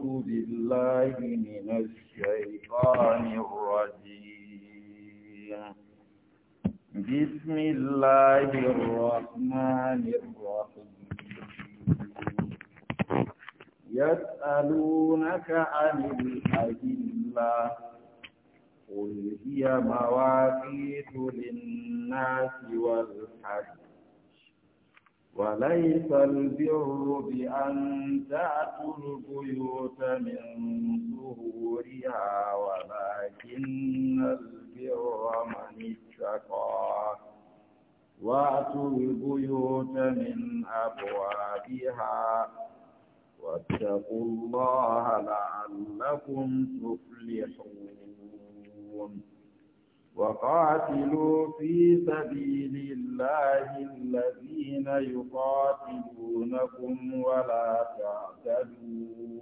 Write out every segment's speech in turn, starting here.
أعوذ بالله من الشيطان الرجيم بسم الله الرحمن الرحيم يسألونك عن الأهلة قل هي مواقيت للناس والحج وليس البر بأن تأتوا البيوت من ظهورها ولكن البر من اتقى وأتوا البيوت من أبوابها واتقوا الله لعلكم تفلحون وقاتلوا في سبيل الله الذين يقاتلونكم ولا تعتدوا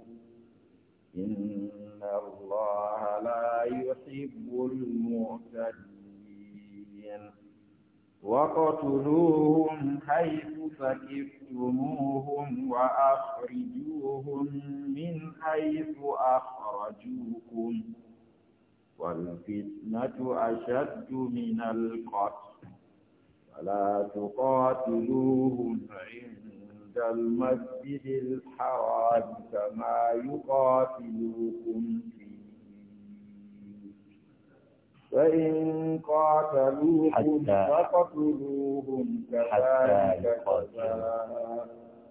إن الله لا يحب المعتدين وقتلوهم حيث فكفتموهم وأخرجوهم من حيث أخرجوكم والفتنة أشد من القتل فلا تقاتلوهم عند المسجد الحرام كما يقاتلوكم فيه فإن قاتلوهم فقتلوهم كذلك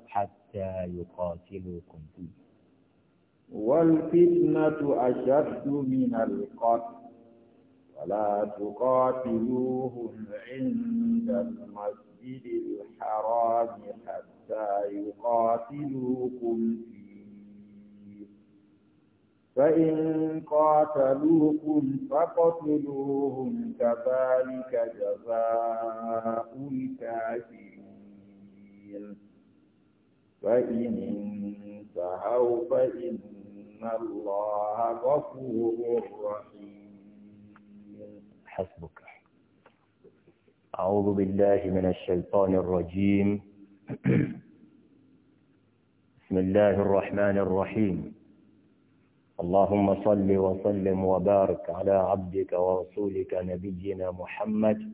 حتى يقاتلوكم فيه والفتنة أشد من القتل ولا تقاتلوهم عند المسجد الحرام حتى يقاتلوكم فيه فإن قاتلوكم فاقتلوهم كذلك جزاء الكافرين فإن انتهوا فإن إن الله غفور رحيم حسبك أعوذ بالله من الشيطان الرجيم بسم الله الرحمن الرحيم اللهم صل وسلم وبارك على عبدك ورسولك نبينا محمد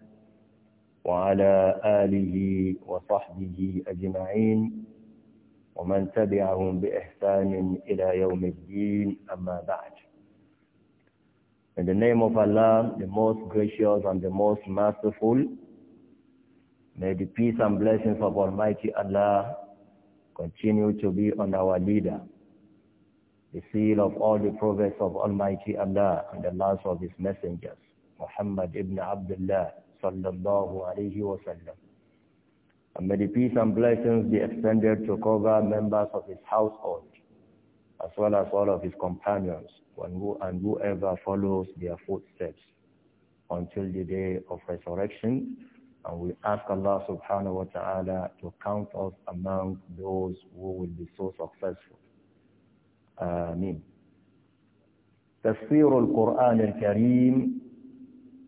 وعلى آله وصحبه أجمعين ومن تبعهم بإحسان إلى يوم الدين أما بعد In the name of Allah, the most gracious and the most merciful, may the peace and blessings of Almighty Allah continue to be on our leader, the seal of all the prophets of Almighty Allah and the last of his messengers, Muhammad ibn Abdullah sallallahu alayhi wa sallam. And may the peace and blessings be extended to cover members of his household, as well as all of his companions, and whoever follows their footsteps until the day of resurrection. And we ask Allah subhanahu wa ta'ala to count us among those who will be so successful. Ameen. Tafsir al-Quran al-Kareem,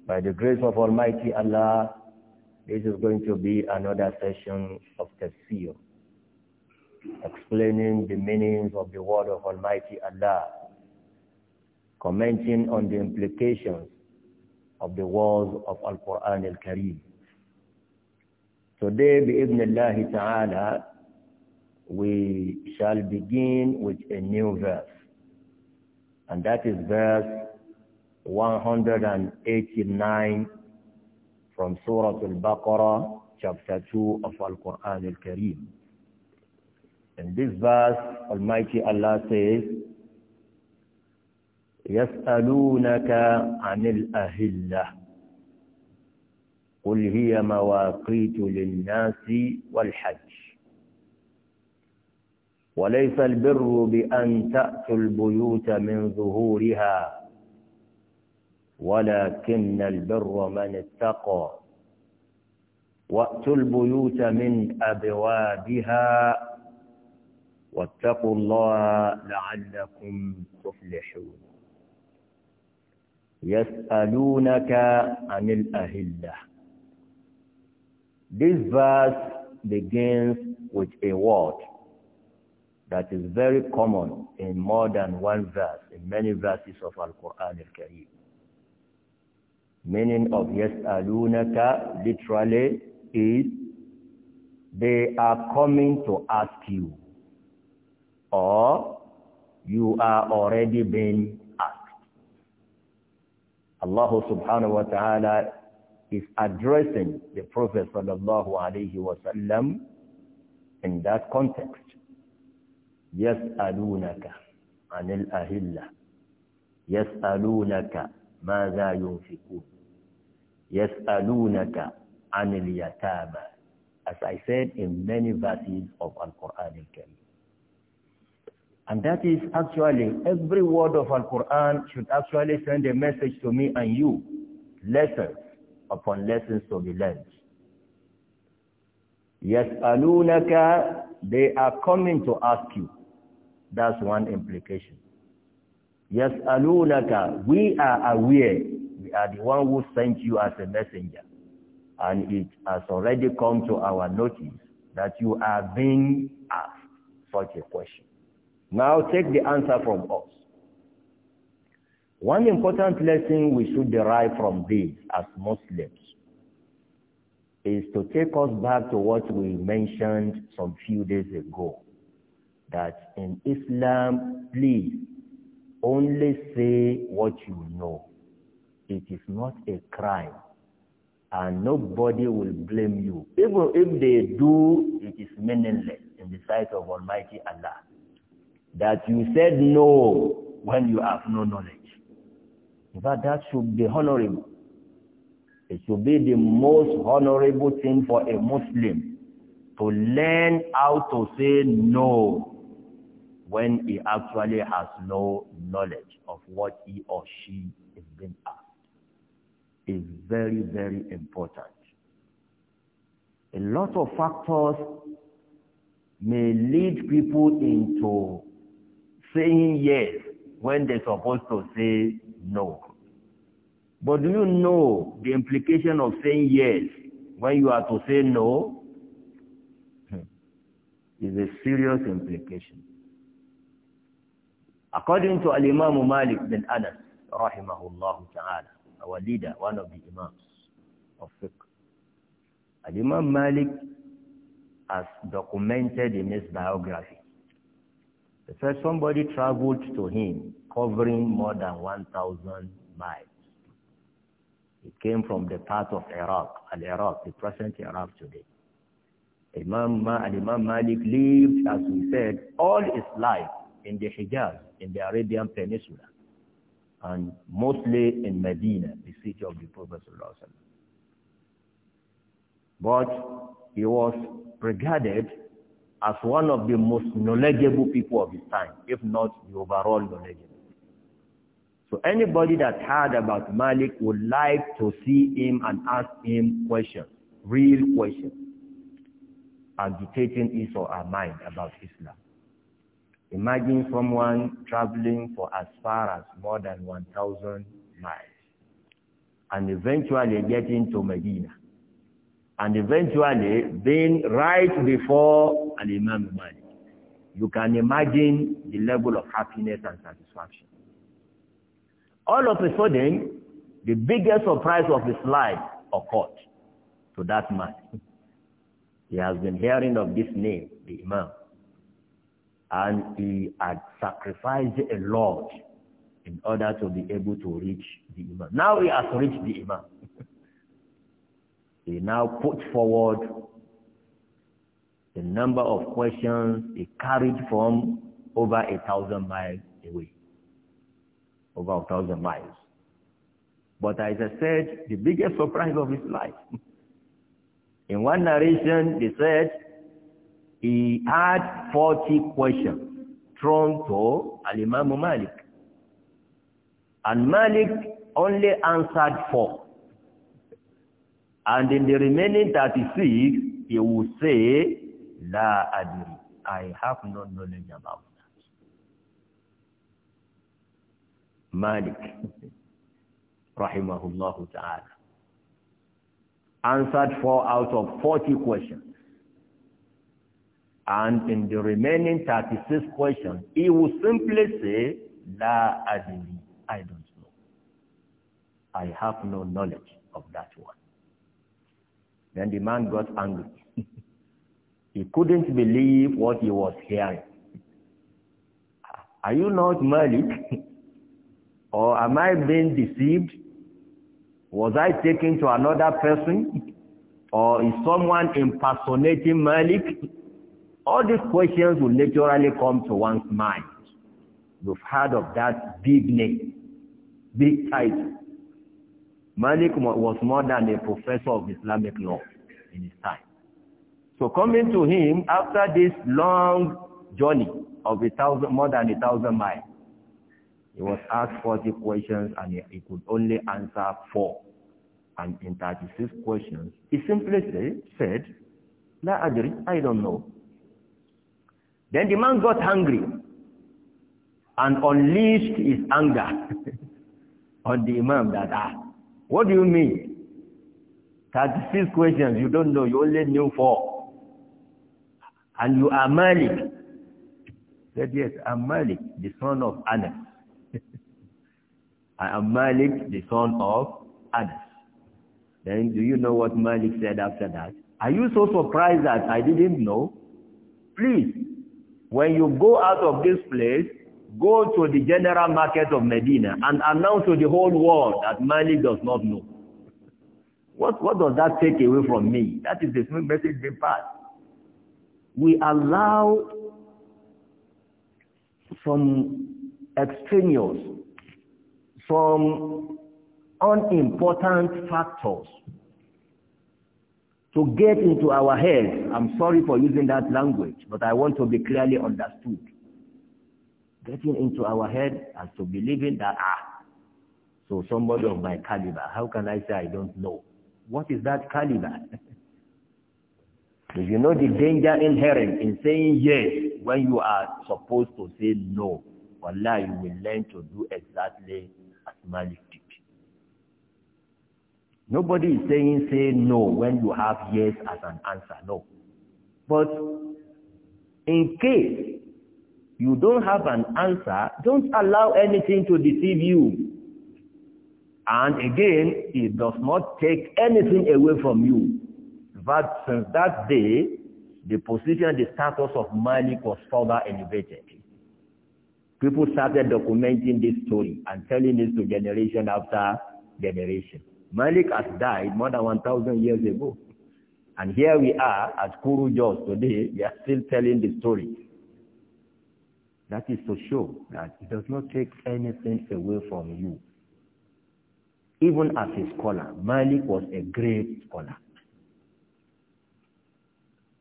by the grace of Almighty Allah, this is going to be another session of tafsir, explaining the meanings of the word of Almighty Allah, commenting on the implications of the words of Al-Quran Al-Karim. Today, bi'ibnillahi ta'ala, we shall begin with a new verse, and that is verse 189 from Surah Al-Baqarah, chapter 2 of Al-Quran Al-Kareem. In this verse, Almighty Allah says, يسألونك عن الأهلة قل هي مواقيت للناس والحج وليس البر بأن تأتوا البيوت من ظهورها ولكن البر من اتقى واتوا البيوت من أبوابها واتقوا الله لعلكم تفلحون يسألونك عن الأهلة This verse begins with a word that is very common in more than one verse, in many verses of Al-Quran al-Karim. Meaning of yas'alunaka literally is they are coming to ask you or you are already being asked. Allah subhanahu wa ta'ala is addressing the Prophet sallallahu alayhi wa sallam in that context. يسألونك عن الأهلة يسألونك ماذا ينفقون يَسْأَلُونَكَ anil الْيَتَامَى As I said in many verses of Al-Quran al-Karim. And that is actually, every word of Al-Quran should actually send a message to me and you. Lessons upon lessons to be learned. يَسْأَلُونَكَ They are coming to ask you. That's one implication. يَسْأَلُونَكَ We are aware we are the one who sent you as a messenger. And it has already come to our notice that you are being asked such a question. Now take the answer from us. One important lesson we should derive from this as Muslims is to take us back to what we mentioned some few days ago, that in Islam, please only say what you know it is not a crime. And nobody will blame you. Even if they do, it is meaningless in the sight of Almighty Allah. That you said no when you have no knowledge. In fact, that should be honorable. It should be the most honorable thing for a Muslim to learn how to say no when he actually has no knowledge of what he or she is being asked is very, very important. A lot of factors may lead people into saying yes when they're supposed to say no. But do you know the implication of saying yes when you are to say no? Hmm. Is a serious implication. According to Al-Imam Malik bin Anas, rahimahullah ta'ala, our leader, one of the imams of fiqh. And Imam Malik has documented in his biography. He somebody traveled to him covering more than 1,000 miles. It came from the part of Iraq, al-Iraq, the present Iraq today. Imam, al Imam Malik lived, as we said, all his life in the Hijaz, in the Arabian Peninsula and mostly in Medina, the city of the Prophet But he was regarded as one of the most knowledgeable people of his time, if not the overall knowledgeable. So anybody that heard about Malik would like to see him and ask him questions, real questions, agitating his or her mind about Islam. Imagine someone traveling for as far as more than 1,000 miles and eventually getting to Medina and eventually being right before an imam Malik. You can imagine the level of happiness and satisfaction. All of a sudden, the biggest surprise of his life occurred to that man. He has been hearing of this name, the Imam and he had sacrificed a lot in order to be able to reach the imam. Now he has reached the imam. he now put forward the number of questions he carried from over a thousand miles away, over a thousand miles. But as I said, the biggest surprise of his life. in one narration, he said he had 40 questions thrown to Al-Imam Malik. And Malik only answered four. And in the remaining 36, he would say, La adri. I have no knowledge about that. Malik, rahimahullah ta'ala, answered four out of 40 questions. And in the remaining 36 questions, he will simply say, La adini, I don't know. I have no knowledge of that one. Then the man got angry. he couldn't believe what he was hearing. Are you not Malik? or am I being deceived? Was I taken to another person? Or is someone impersonating Malik? All these questions will naturally come to one's mind. You've heard of that big name, big title. Malik was more than a professor of Islamic law in his time. So coming to him after this long journey of a thousand, more than a thousand miles, he was asked 40 questions and he, he could only answer four. And in 36 questions, he simply said, La adri, I don't know. Then the man got angry and unleashed his anger on the imam that, ah, what do you mean? 36 questions you don't know, you only knew four. And you are Malik. Said, yes, I'm Malik, the son of Anas. I am Malik, the son of Anas. Then do you know what Malik said after that? Are you so surprised that I didn't know? Please, When you go out of this place, go to the general market of Medina and announce to the whole world that Malik does not know. What, what does that take away from me? That is the same message they pass. We allow some extraneous, some unimportant factors to get into our heads. I'm sorry for using that language, but I want to be clearly understood. Getting into our head as to believing that, ah, so somebody of my caliber, how can I say I don't know? What is that caliber? Do you know the danger inherent in saying yes when you are supposed to say no? Allah, you will learn to do exactly as Malik Nobody is saying say no when you have yes as an answer, no. But in case you don't have an answer, don't allow anything to deceive you. And again, it does not take anything away from you. But since that day, the position, the status of Malik was further elevated. People started documenting this story and telling this to generation after generation. Malik has died more than 1,000 years ago. And here we are at Kuru Jos today, we are still telling the story. That is to show that it does not take anything away from you. Even as a scholar, Malik was a great scholar.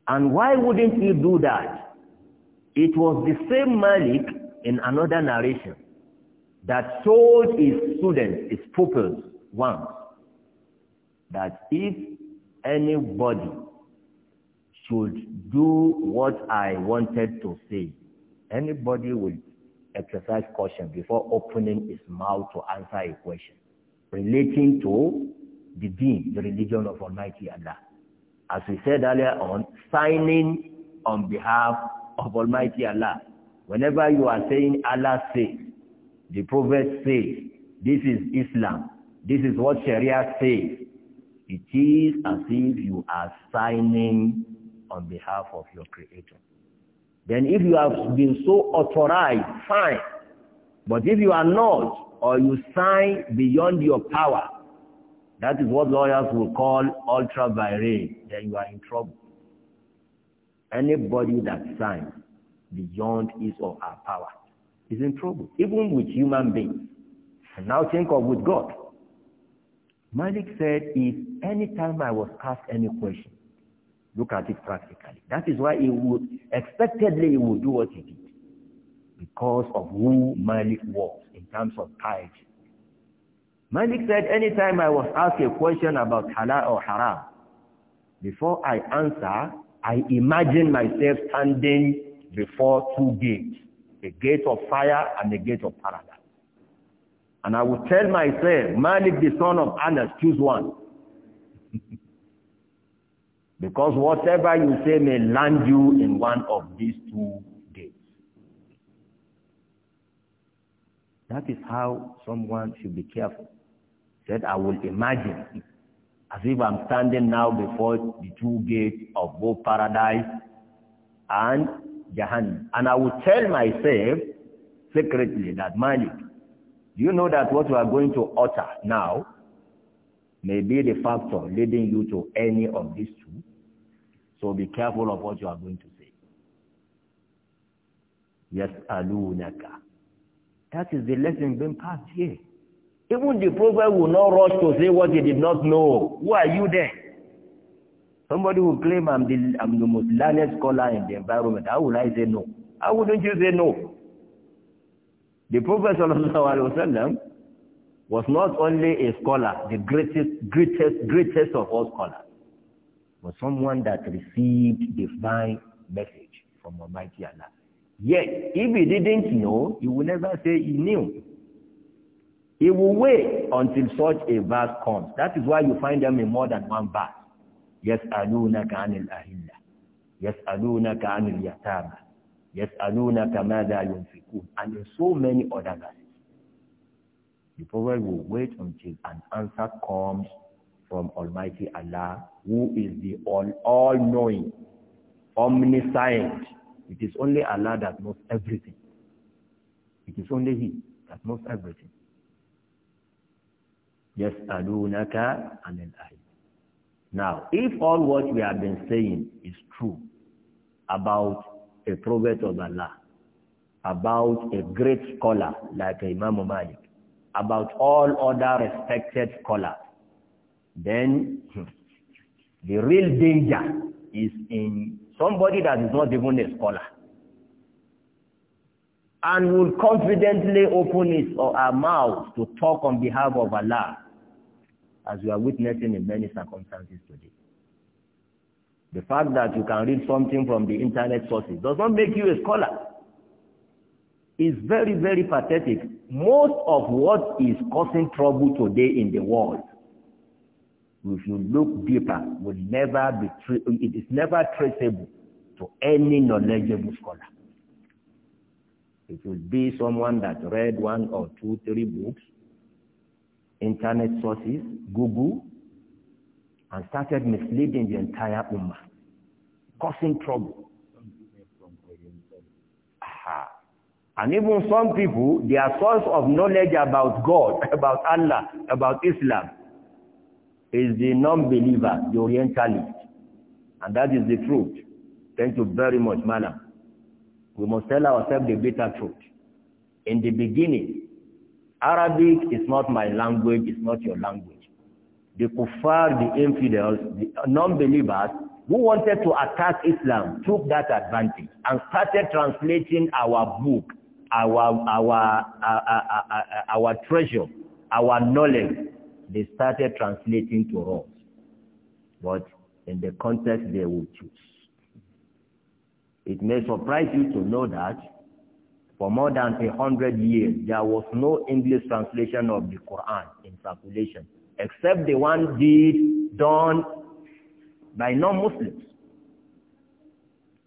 And why wouldn't he do that? It was the same Malik in another narration that told his students, his pupils, once that if anybody should do what I wanted to say, anybody will exercise caution before opening his mouth to answer a question relating to the deen, the religion of Almighty Allah. As we said earlier on, signing on behalf of Almighty Allah. Whenever you are saying Allah says, the Prophet says, this is Islam, this is what Sharia says, it is as if you are signing on behalf of your creator. Then if you have been so authorized, fine. But if you are not, or you sign beyond your power, that is what lawyers will call ultra vires, then you are in trouble. Anybody that signs beyond his or her power is in trouble, even with human beings. And now think of with God. Malik said, if any time I was asked any question, look at it practically. That is why he would, expectedly he would do what he did because of who Malik was in terms of piety. Malik said, anytime I was asked a question about halal or haram, before I answer, I imagine myself standing before two gates, a gate of fire and a gate of paradise. And I will tell myself, Malik the son of Anas, choose one. because whatever you say may land you in one of these two gates. That is how someone should be careful. Said, I will imagine as if I'm standing now before the two gates of both paradise and Jahannam. And I will tell myself secretly that Malik, you know that what you are going to utter now may be the factor leading you to any of these two? So be careful of what you are going to say. Yes, alunaka. That is the lesson being passed here. Even the prophet will not rush to say what he did not know. Who are you then? Somebody will claim I'm the, I'm the most learned scholar in the environment. How would I say no? How wouldn't you say no? The Prophet ﷺ was not only a scholar, the greatest, greatest, greatest of all scholars, but someone that received divine message from Almighty Allah. Yet, if he didn't know, he would never say he knew. He will wait until such a verse comes. That is why you find them in more than one verse. Yes, يَسْأَلُونَكَ عَنِ الْأَهِلَّةِ يَسْأَلُونَكَ Anil Yatama. يَسْأَلُونَكَ مَاذَا يُنْفِقُونَ And are so many other verses. The prophet will wait until an answer comes from Almighty Allah, who is the all-knowing, omniscient. It is only Allah that knows everything. It is only He that knows everything. يَسْأَلُونَكَ عَنِ الْأَهْلِ Now, if all what we have been saying is true about a prophet of Allah, about a great scholar like Imam Malik, about all other respected scholars, then the real danger is in somebody that is not even a scholar and will confidently open his or her mouth to talk on behalf of Allah as we are witnessing in many circumstances today. The fact that you can read something from the internet sources does not make you a scholar. It's very, very pathetic. Most of what is causing trouble today in the world, if you look deeper, will never be, it is never traceable to any knowledgeable scholar. It will be someone that read one or two, three books, internet sources, Google, and started misleading the entire ummah, causing trouble. Aha. And even some people, their source of knowledge about God, about Allah, about Islam, is the non-believer, the Orientalist. And that is the truth. Thank you very much, madam. We must tell ourselves the bitter truth. In the beginning, Arabic is not my language, it's not your language. the kuffar, the infidels, the non-believers who wanted to attack Islam took that advantage and started translating our book, our, our, our, our, treasure, our knowledge. They started translating to us. But in the context they will choose. It may surprise you to know that for more than a hundred years, there was no English translation of the Quran in circulation except the one deed done by non-Muslims.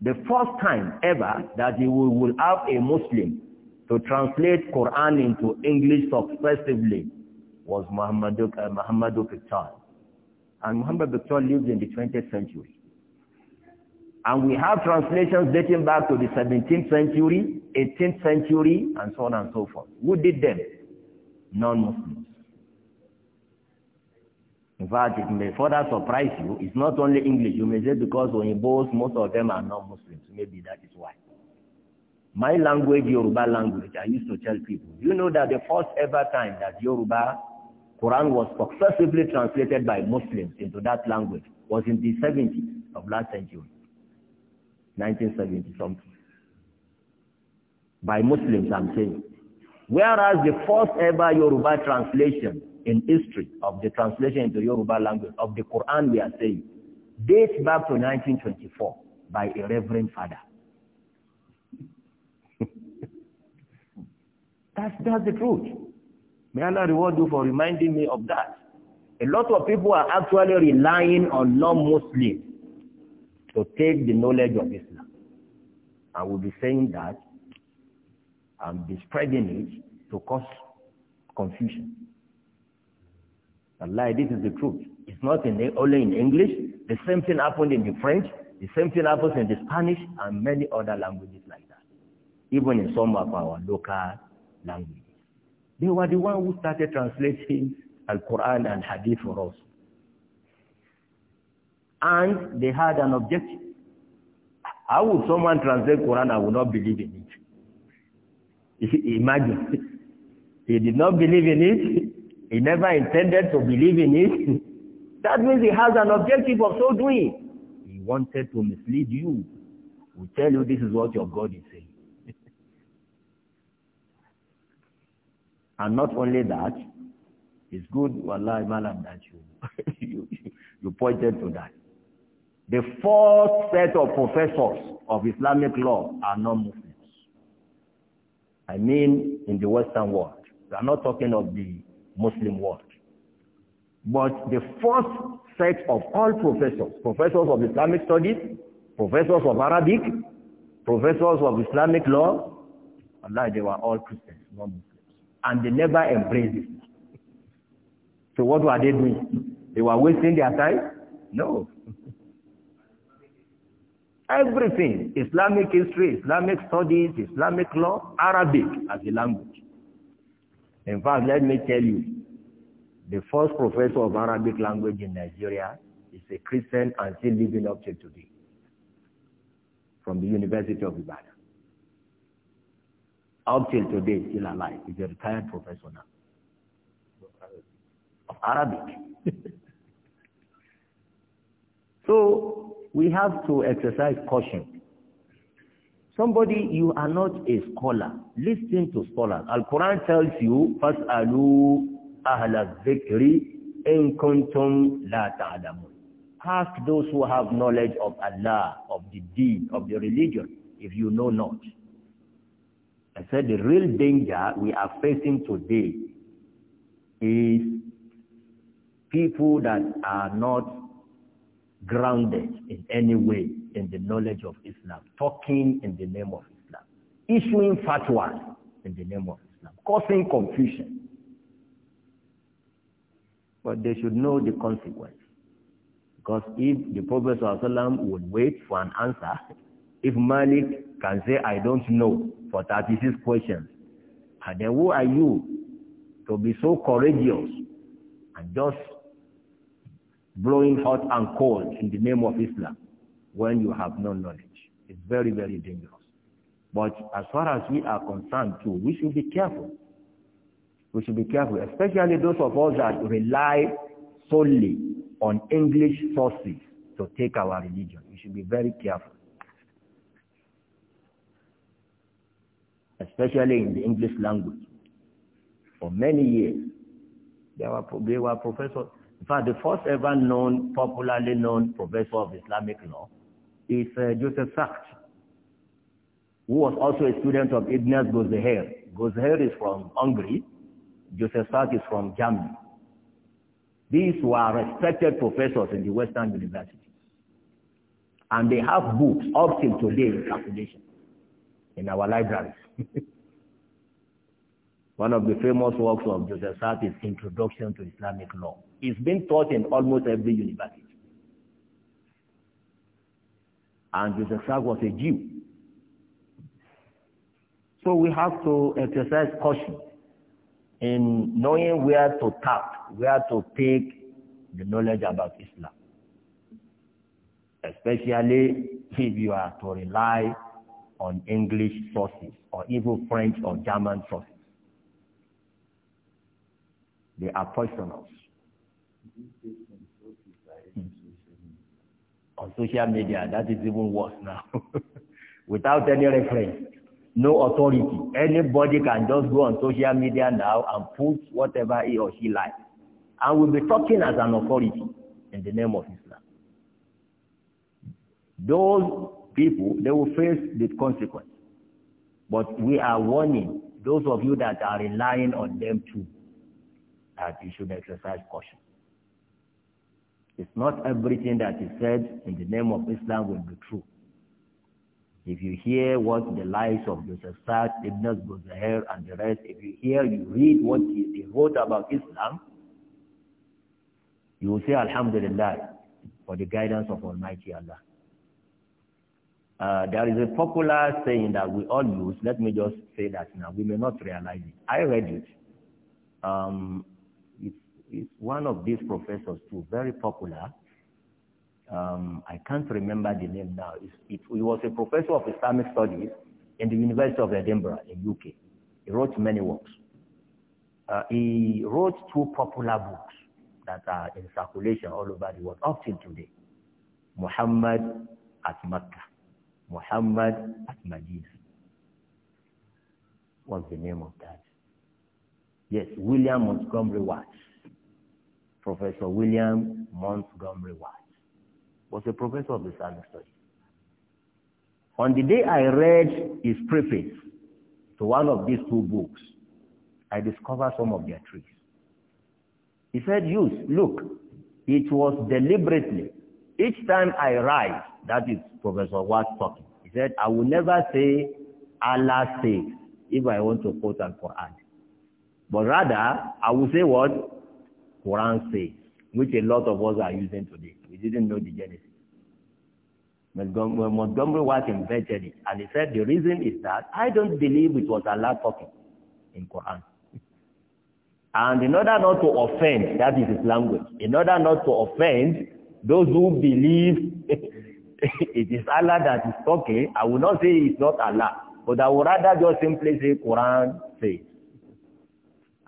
The first time ever that you will have a Muslim to translate Quran into English successively was Muhammadu, uh, Muhammadu Pictal. And Muhammad Pictal lived in the 20th century. And we have translations dating back to the 17th century, 18th century, and so on and so forth. Who did them? Non-Muslims. In fact, it may further surprise you. It's not only English. You may say because Oyinbos, most of them are not Muslims. Maybe that is why. My language, Yoruba language, I used to tell people, you know that the first ever time that Yoruba Quran was successively translated by Muslims into that language was in the 70s of last century, 1970 something. By Muslims, I'm saying. Whereas the first ever Yoruba translation in history of the translation into Yoruba language of the Quran we are saying dates back to 1924 by a reverend father. that's, that's the truth. May Allah reward you for reminding me of that. A lot of people are actually relying on non-Muslims to take the knowledge of Islam. I will be saying that and be spreading it to cause confusion. Allah, this is the truth. It's not in, only in English. The same thing happened in the French. The same thing happens in the Spanish and many other languages like that. Even in some of our local languages. They were the one who started translating Al-Quran and Hadith for us. And they had an objective. How would someone translate Quran I would not believe in it? Imagine. He did not believe in it. He never intended to believe in it. that means he has an objective of so doing. He wanted to mislead you. We tell you this is what your God is saying. and not only that, it's good, wallahi malam, that you, you, you pointed to that. The fourth set of professors of Islamic law are non-Muslims. I mean in the Western world. We are not talking of the Muslim world. But the first set of all professors, professors of Islamic studies, professors of Arabic, professors of Islamic law, Allah, they were all Christians, not Muslims. And they never embraced it. So what were they doing? They were wasting their time? No. Everything, Islamic history, Islamic studies, Islamic law, Arabic as a language. In fact, let me tell you, the first professor of Arabic language in Nigeria is a Christian and still living up to today from the University of Ibadan. Up till today, still alive. He's a retired professor now of Arabic. so we have to exercise caution Somebody, you are not a scholar. Listen to scholars. Al-Quran tells you, فَاسْأَلُوا أَهْلَ الذِّكْرِ إِن كُنْتُمْ لَا تَعْلَمُونَ Ask those who have knowledge of Allah, of the deen, of the religion, if you know not. I said the real danger we are facing today is people that are not grounded in any way in the knowledge of Islam, talking in the name of Islam, issuing fatwas in the name of Islam, causing confusion. But they should know the consequence. Because if the Prophet ﷺ would wait for an answer, if Malik can say, I don't know, for 36 questions, and ah, then who are you to be so courageous and just blowing hot and cold in the name of Islam? when you have no knowledge. It's very, very dangerous. But as far as we are concerned too, we should be careful. We should be careful, especially those of us that rely solely on English sources to take our religion. We should be very careful. Especially in the English language. For many years, there were, there were professors. In fact, the first ever known, popularly known professor of Islamic law is uh, Joseph Sakt, who was also a student of Ignaz Gozeher. Gozeher is from Hungary. Joseph Sakt is from Germany. These were respected professors in the Western universities. And they have books up till today in circulation in our libraries. One of the famous works of Joseph Sartre is Introduction to Islamic Law. It's been taught in almost every university. and Joseph Sachs was a Jew. So we have to exercise caution in knowing where to tap, where to take the knowledge about Islam. Especially if you are to rely on English sources or even French or German sources. They are poisonous. Mm-hmm. on social media, that is even worse now. Without any reference, no authority. Anybody can just go on social media now and post whatever he or she likes. And will be talking as an authority in the name of Islam. Those people, they will face the consequence. But we are warning those of you that are relying on them too, that you should exercise caution. It's not everything that is said in the name of Islam will be true. If you hear what the lies of Joseph Sat, Ibn Zuhair, and the rest, if you hear, you read what they wrote about Islam, you will say, Alhamdulillah, for the guidance of Almighty Allah. Uh, there is a popular saying that we all use. Let me just say that now. We may not realize it. I read it. Um, one of these professors too, very popular. Um, I can't remember the name now. It, it, he was a professor of Islamic studies in the University of Edinburgh in UK. He wrote many works. Uh, he wrote two popular books that are in circulation all over the world up till today. Muhammad at Mecca, Muhammad at Medina. What's the name of that? Yes, William Montgomery Watts. Professor William Montgomery Ward was a professor of Islamic studies. On the day I read his preface to one of these two books, I discovered some of their tricks. He said, use, look, it was deliberately. Each time I write, that is Professor Watts talking, he said, I will never say Allah says if I want to quote Al-Quran. But rather, I will say what? Quran say, which a lot of us are using today. We didn't know the Genesis. Montgomery, Montgomery was invented it, and he said the reason is that I don't believe it was Allah talking in Quran. And in order not to offend, that is his language, in order not to offend those who believe it is Allah that is talking, I will not say it's not Allah, but I would rather just simply say Quran says.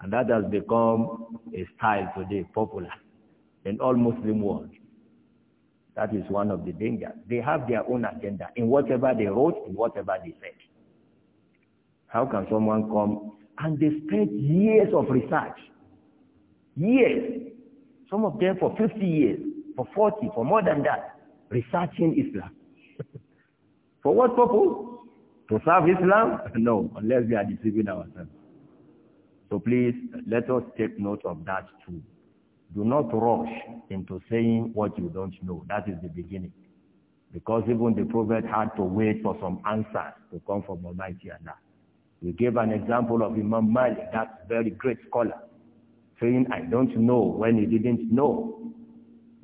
And that has become a style today, popular in all Muslim world. That is one of the dangers. They have their own agenda in whatever they wrote, in whatever they said. How can someone come and they spent years of research, years, some of them for 50 years, for 40, for more than that, researching Islam. for what purpose? To serve Islam? No, unless we are deceiving ourselves. So please, let us take note of that too. Do not rush into saying what you don't know. That is the beginning. Because even the prophet had to wait for some answers to come from Almighty Allah. We gave an example of Imam Malik, that very great scholar, saying, I don't know when he didn't know.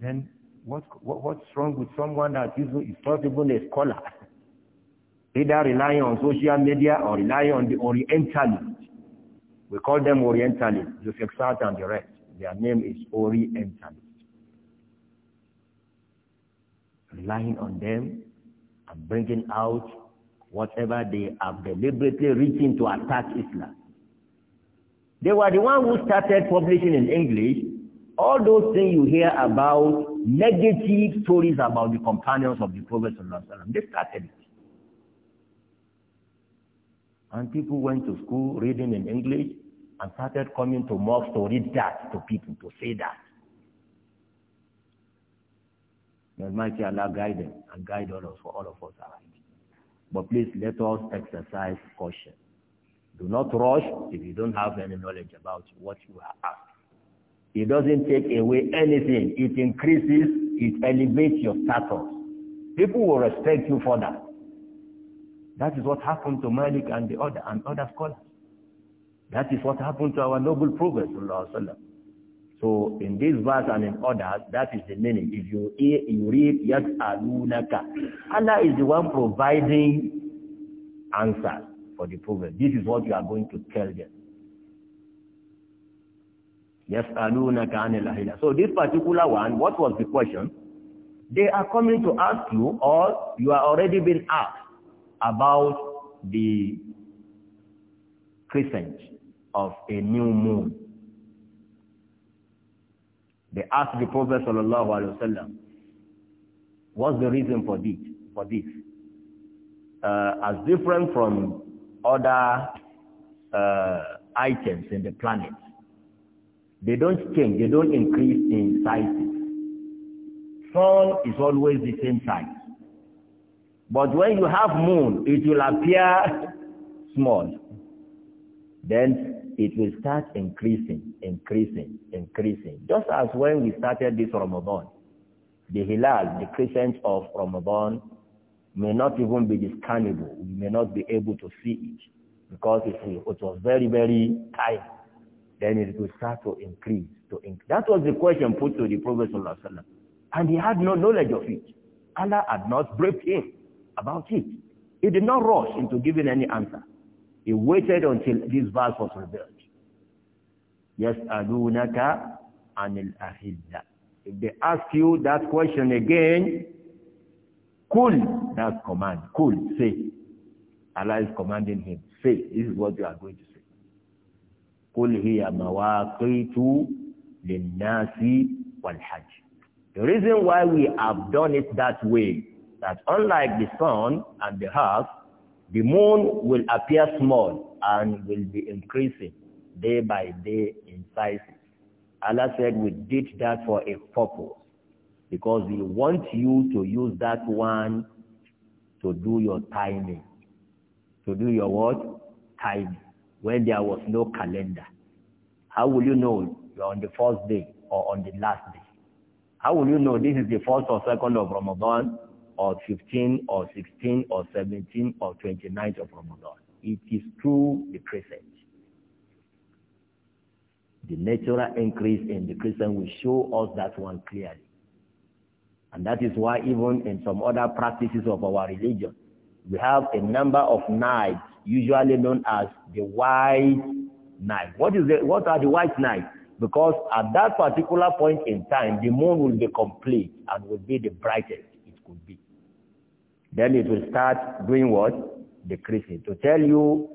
Then what, what what's wrong with someone that is, is not even a scholar? Either relying on social media or relying on the Orientalist we call them Orientalists, Joseph Sartre and the rest. Their name is Orientalists. Relying on them and bringing out whatever they have deliberately written to attack Islam. They were the one who started publishing in English all those things you hear about negative stories about the companions of the Prophet. They started it. And people went to school reading in English and started coming to mosques to read that to people, to say that. May Almighty Allah guide them and guide all of us, for all of us are. But please let us exercise caution. Do not rush if you don't have any knowledge about what you are asked. It doesn't take away anything. It increases, it elevates your status. People will respect you for that. That is what happened to Malik and the other and other scholars. That is what happened to our noble prophet So in this verse and in others, that is the meaning. If you hear, you read yet alunaka. Allah is the one providing answers for the prophet. This is what you are going to tell them. Yes, alunaka anilahila. So this particular one, what was the question? They are coming to ask you or you are already been asked about the crescent of a new moon. They asked the Prophet sallallahu alaihi wasallam, "What's the reason for this?" For this, uh, as different from other uh, items in the planet, they don't change. They don't increase in sizes. Sun is always the same size. But when you have moon, it will appear small. Then it will start increasing, increasing, increasing. Just as when we started this Ramadan, the Hilal, the crescent of Ramadan, may not even be discernible. We may not be able to see it because it, it was very, very tight. Then it will start to increase. To increase. that was the question put to the Prophet ﷺ. And he had no knowledge of it. Allah had not briefed him. about it. He did not rush into giving any answer. He waited until this verse was revealed. Yes, يَسْأَلُونَكَ عَنِ الْأَهِلَّةِ If they ask you that question again, Kul, that command. Kul, say. Allah is commanding him. Say, this is what you are going to say. Kul hiya mawaqitu linnasi wal hajj. The reason why we have done it that way that unlike the sun and the earth, the moon will appear small and will be increasing day by day in size. Allah said we did that for a purpose because we want you to use that one to do your timing. To do your what? Timing. When there was no calendar. How will you know you're on the first day or on the last day? How will you know this is the first or second of Ramadan or 15 or 16 or 17 or 29th of Ramadan. It is through the crescent. The natural increase in the crescent will show us that one clearly. And that is why even in some other practices of our religion, we have a number of nights, usually known as the white night. What, is the, what are the white nights? Because at that particular point in time, the moon will be complete and will be the brightest it could be. Then it will start doing what? Decreasing. To tell you,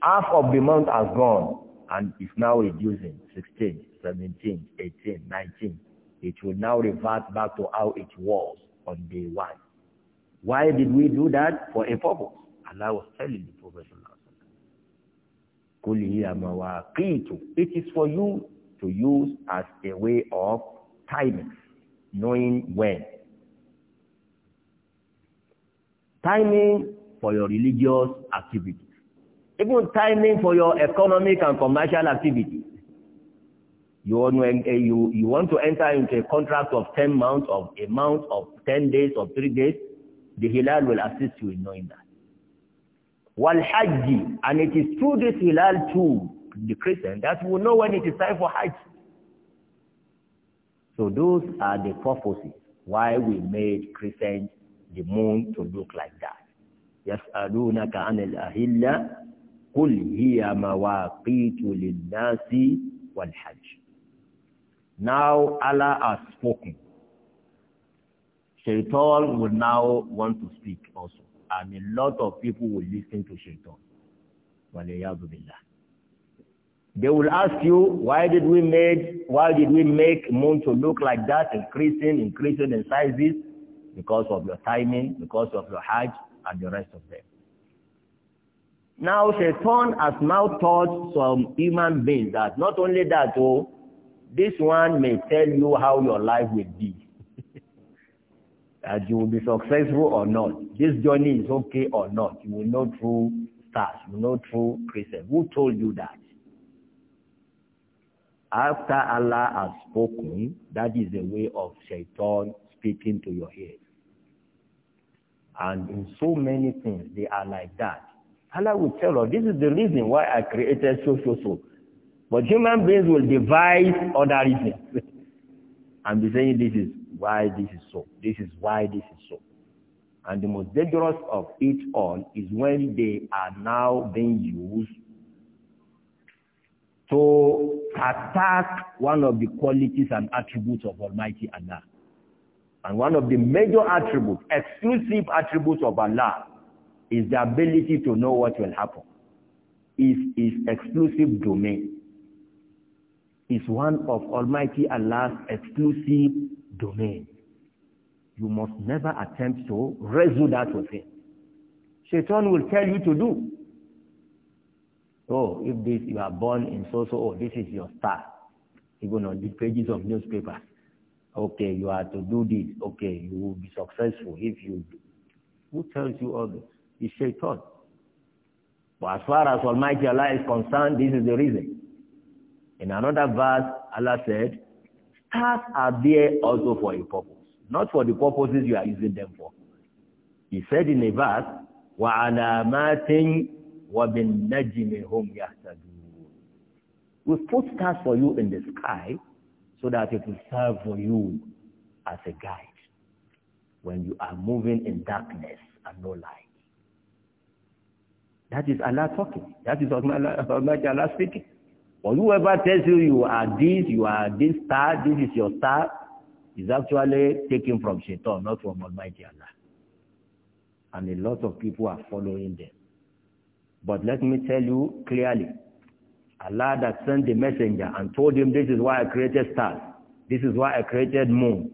half of the month has gone and is now reducing, 16, 17, 18, 19. It will now revert back to how it was on day one. Why did we do that? For a purpose. Allah was telling the Prophet It is for you to use as a way of timing, knowing when timing for your religious activity even timing for your economic and commercial activity you want to eh, you you want to enter into a contract of ten months of a month of ten days of three days the hilal will assist you in knowing that wal hajj and it is through this hilal too the Christian that will know when it is time for hajj so those are the purposes why we made Christians the moon to look like that. يسألونك عن الأهلة قل هي مواقيت للناس والحج. Now Allah has spoken. Shaitan will now want to speak also. And a lot of people will listen to Shaitan. They will ask you, why did we make, why did we make moon to look like that, increasing, increasing in sizes? because of your timing, because of your hajj, and the rest of them. Now Shaitan has now taught some human beings that not only that, oh, this one may tell you how your life will be. that you will be successful or not. This journey is okay or not. You will know through stars. You will know through Christians. Who told you that? After Allah has spoken, that is the way of Shaitan speaking to your head. And in so many things, they are like that. Allah will tell us, this is the reason why I created so, so, so. But human beings will devise other reasons. and be saying, this is why this is so. This is why this is so. And the most dangerous of it all is when they are now being used to attack one of the qualities and attributes of Almighty Allah. And one of the major attributes, exclusive attributes of Allah, is the ability to know what will happen. It is his exclusive domain. It's one of Almighty Allah's exclusive domain. You must never attempt to wrestle that with him. Shaitan will tell you to do. Oh, if this you are born in so so, oh, this is your star. Even on the pages of newspapers okay, you are to do this, okay, you will be successful if you do. Who tells you all this? It's shaitan. But as far as Almighty Allah is concerned, this is the reason. In another verse, Allah said, stars are there also for a purpose, not for the purposes you are using them for. He said in a verse, وَعَلَامَاتٍ وَبِالنَّجْمِ هُمْ يَهْتَدُونَ put stars for you in the sky so that it will serve for you as a guide when you are moving in darkness and no light. That is Allah talking. That is Almighty Allah speaking. But whoever tells you you are this, you are this star, this is your star, is actually taken from Shaitan, not from Almighty Allah. And a lot of people are following them. But let me tell you clearly, Allah that sent the messenger and told him, this is why I created stars. This is why I created moon.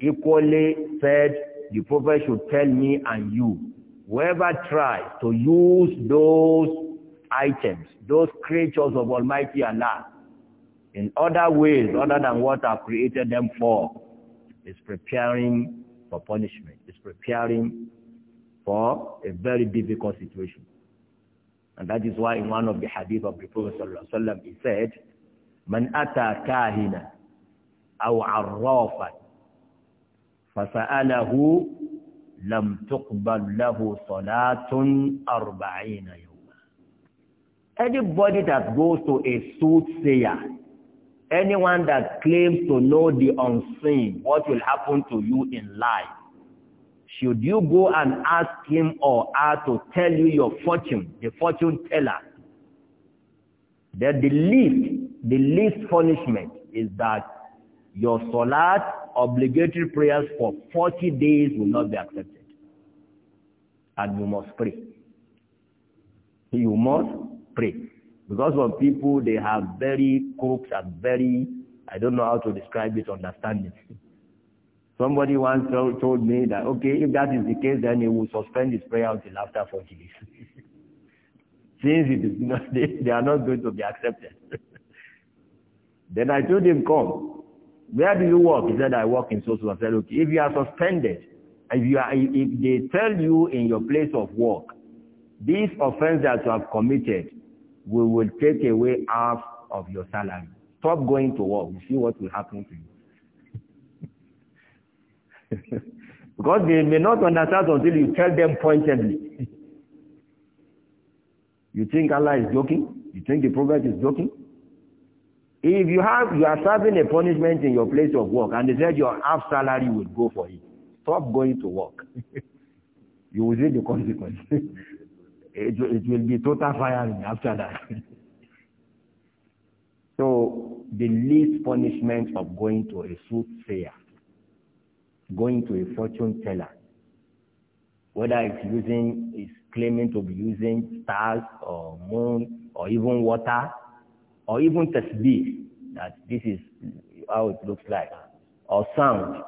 Equally said, the prophet should tell me and you, whoever tries to use those items, those creatures of Almighty Allah, in other ways other than what I've created them for, is preparing for punishment, is preparing for a very difficult situation. And that is why in one of the hadith of the Prophet sallallahu he said, "Man ata kahina aw arrafan fasa'alahu lam tuqbal lahu salatun arba'ina yawma." Anybody that goes to a soothsayer, anyone that claims to know the unseen, what will happen to you in life, should you go and ask him or her to tell you your fortune, the fortune teller, that the least, the least punishment is that your salat, obligatory prayers for 40 days will not be accepted. And you must pray. You must pray. Because when people, they have very crooks and very, I don't know how to describe it, understanding. Somebody once told me that, okay, if that is the case, then he will suspend his prayer until after 40 days. Since it is not, they, they are not going to be accepted. then I told him, come, where do you work? He said, I work in social. I said, okay, if you are suspended, if, you are, if they tell you in your place of work, this offense that you have committed, we will take away half of your salary. Stop going to work. We see what will happen to you. because they may not understand until you tell them pointedly. you think Allah is joking? You think the prophet is joking? If you have, you are serving a punishment in your place of work and they said your half salary would go for it, stop going to work. you will see the consequence. it, it will be total firing after that. so, the least punishment of going to a soothsayer going to a fortune teller, whether it's using, it's claiming to be using stars or moon or even water or even tasbih, that this is how it looks like, or sound.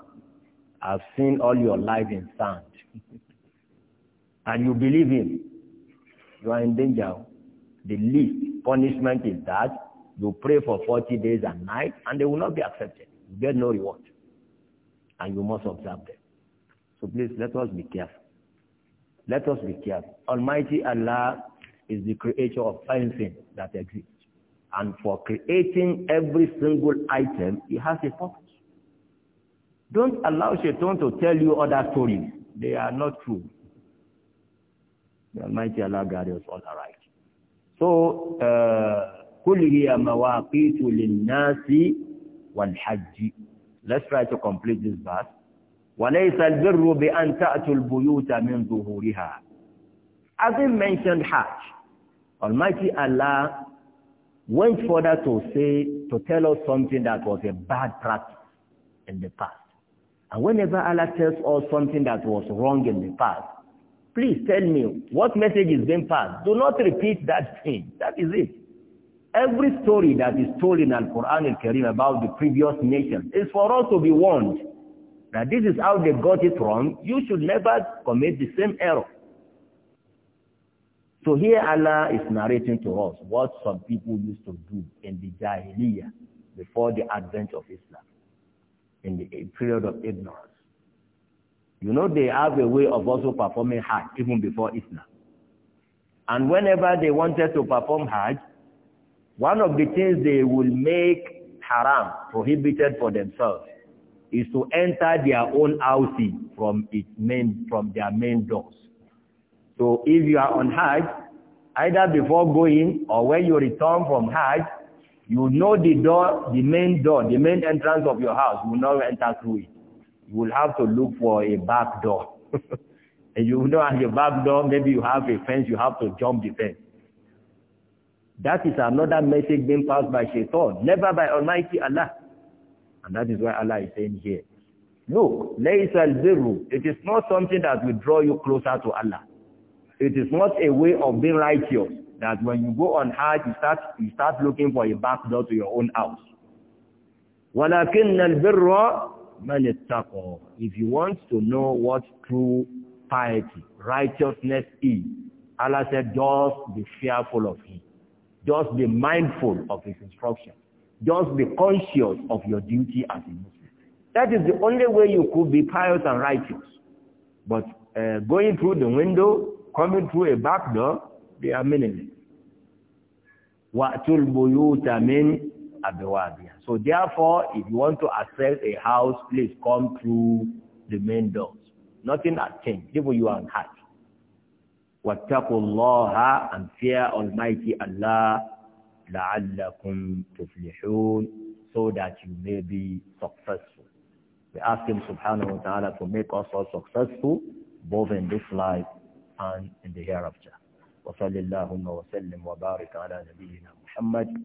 I've seen all your life in sound. and you believe him, you are in danger. The least punishment is that you pray for 40 days and night and they will not be accepted. You get no reward. and you must observe them. So please let us be careful. Let us be careful. Almighty Allah is the creator of everything that exists. And for creating every single item, He has a purpose. Don't allow Shaitan to tell you other stories. They are not true. The Almighty Allah guide us all aright. So, uh, كل هي مواقيت للناس والحج Let's try to complete this verse. وَلَيْسَ الْبِرُّ بِأَنْ تَأْتُوا الْبُيُوتَ مِنْ ظُهُورِهَا Having mentioned Hajj, Almighty Allah went further to say, to tell us something that was a bad practice in the past. And whenever Allah tells us something that was wrong in the past, please tell me what message is being passed. Do not repeat that thing. That is it. Every story that is told in Al-Quran al-Karim about the previous nation is for us to be warned that this is how they got it wrong. You should never commit the same error. So here Allah is narrating to us what some people used to do in the Jahiliyyah before the advent of Islam, in the period of ignorance. You know, they have a way of also performing Hajj even before Islam. And whenever they wanted to perform Hajj, one of the things they will make haram, prohibited for themselves, is to enter their own house from its main, from their main doors. So if you are on Hajj, either before going or when you return from Hajj, you know the door, the main door, the main entrance of your house. You will not enter through it. You will have to look for a back door. and you know at the back door, maybe you have a fence, you have to jump the fence. That is another message being passed by Shaitan, never by Almighty Allah. And that is why Allah is saying here, look, لَيْسَ الْبِرُّ It is not something that will draw you closer to Allah. It is not a way of being righteous that when you go on Hajj, you start, you start looking for a back door to your own house. وَلَكِنَّ الْبِرَّ مَنِ اتَّقَى If you want to know what true piety, righteousness is, Allah said, just be fearful of Him. Just be mindful of his instruction. Just be conscious of your duty as a Muslim. That is the only way you could be pious and righteous. But uh, going through the window, coming through a back door, they are meaningless. وَأْتُوا الْبُيُوتَ مِنْ أَبْوَابِهَا So therefore, if you want to access a house, please come through the main doors. Nothing has changed, People, you are in heart. واتقوا الله and fear Almighty Allah لعلكم تفلحون so that you may be successful. We ask Him subhanahu wa ta'ala to make us all successful both in this life and in the hereafter. وصلى اللهم وسلم وبارك على نبينا محمد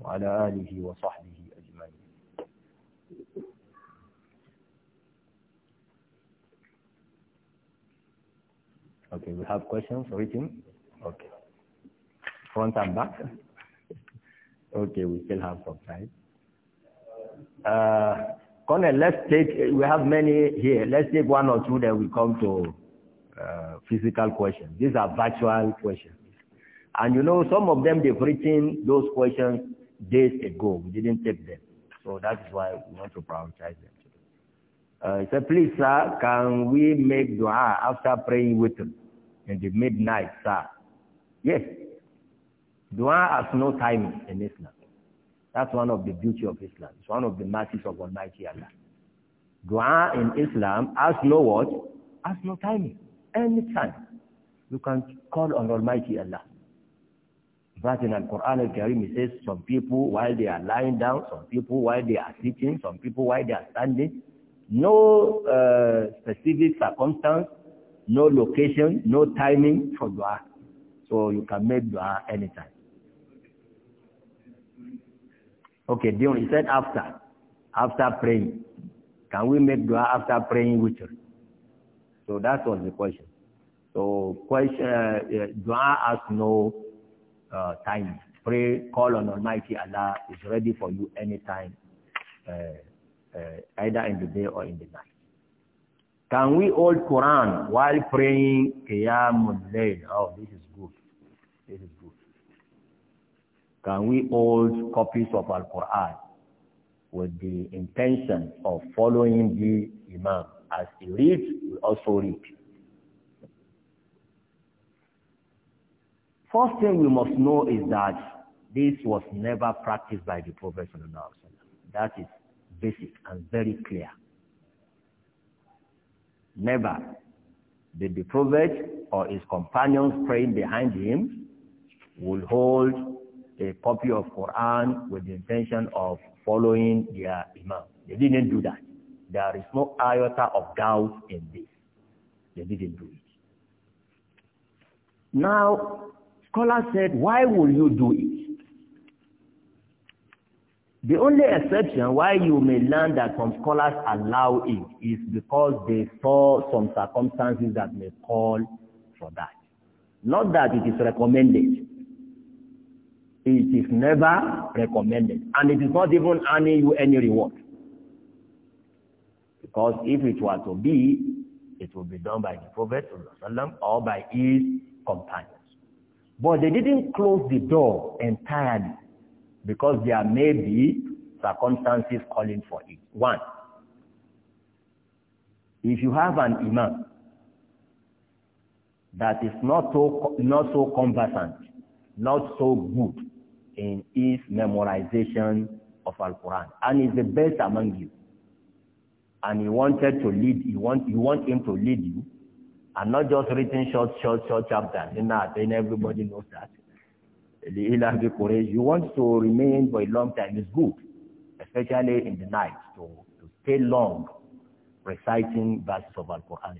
وعلى آله وصحبه Okay, we have questions written? Okay. Front and back? okay, we still have some time. Uh, Colonel, let's take, we have many here. Let's take one or two, then we come to uh, physical questions. These are virtual questions. And you know, some of them, they've written those questions days ago. We didn't take them. So that is why we want to prioritize them. Uh, he said, please, sir, can we make dua after praying with them? in the midnight, sir. Yes. Dua has no time in Islam. That's one of the beauty of Islam. It's one of the mercies of Almighty Allah. Dua in Islam has no what? Has no timing. Any time. You can call on Almighty Allah. But in the quran al-Karim it says some people while they are lying down, some people while they are sitting, some people while they are standing. No uh, specific circumstance, no location, no timing for dua. So you can make dua anytime. Okay, Dion, he said after, after praying. Can we make dua after praying witr? So that was the question. So question, uh, uh, dua has no uh, time. Pray, call on Almighty Allah is ready for you anytime, uh, uh, either in the day or in the night. Can we hold Quran while praying Qiyamul Oh, this is good. This is good. Can we hold copies of Al-Quran with the intention of following the Imam? As he reads, we also read. First thing we must know is that this was never practiced by the Prophet. That is basic and very clear. Never did the prophet or his companions praying behind him would hold a copy of Quran with the intention of following their imam. They didn't do that. There is no iota of doubt in this. They didn't do it. Now, scholars said, why will you do it? The only exception why you may learn that some scholars allow it is because they saw some circumstances that may call for that. Not that it is recommended. It is never recommended. And it is not even earning you any reward. Because if it were to be, it would be done by the Prophet or by his companions. But they didn't close the door entirely because there may be circumstances calling for it. One, if you have an imam that is not so, not so conversant, not so good in his memorization of Al-Quran, and is the best among you, and he wanted to lead, you want, you want him to lead you, and not just written short, short, short chapters, and know, then everybody knows that the بقريش, you want to remain for a long time, it's good, especially in the night, to, to stay long reciting verses of Al-Quran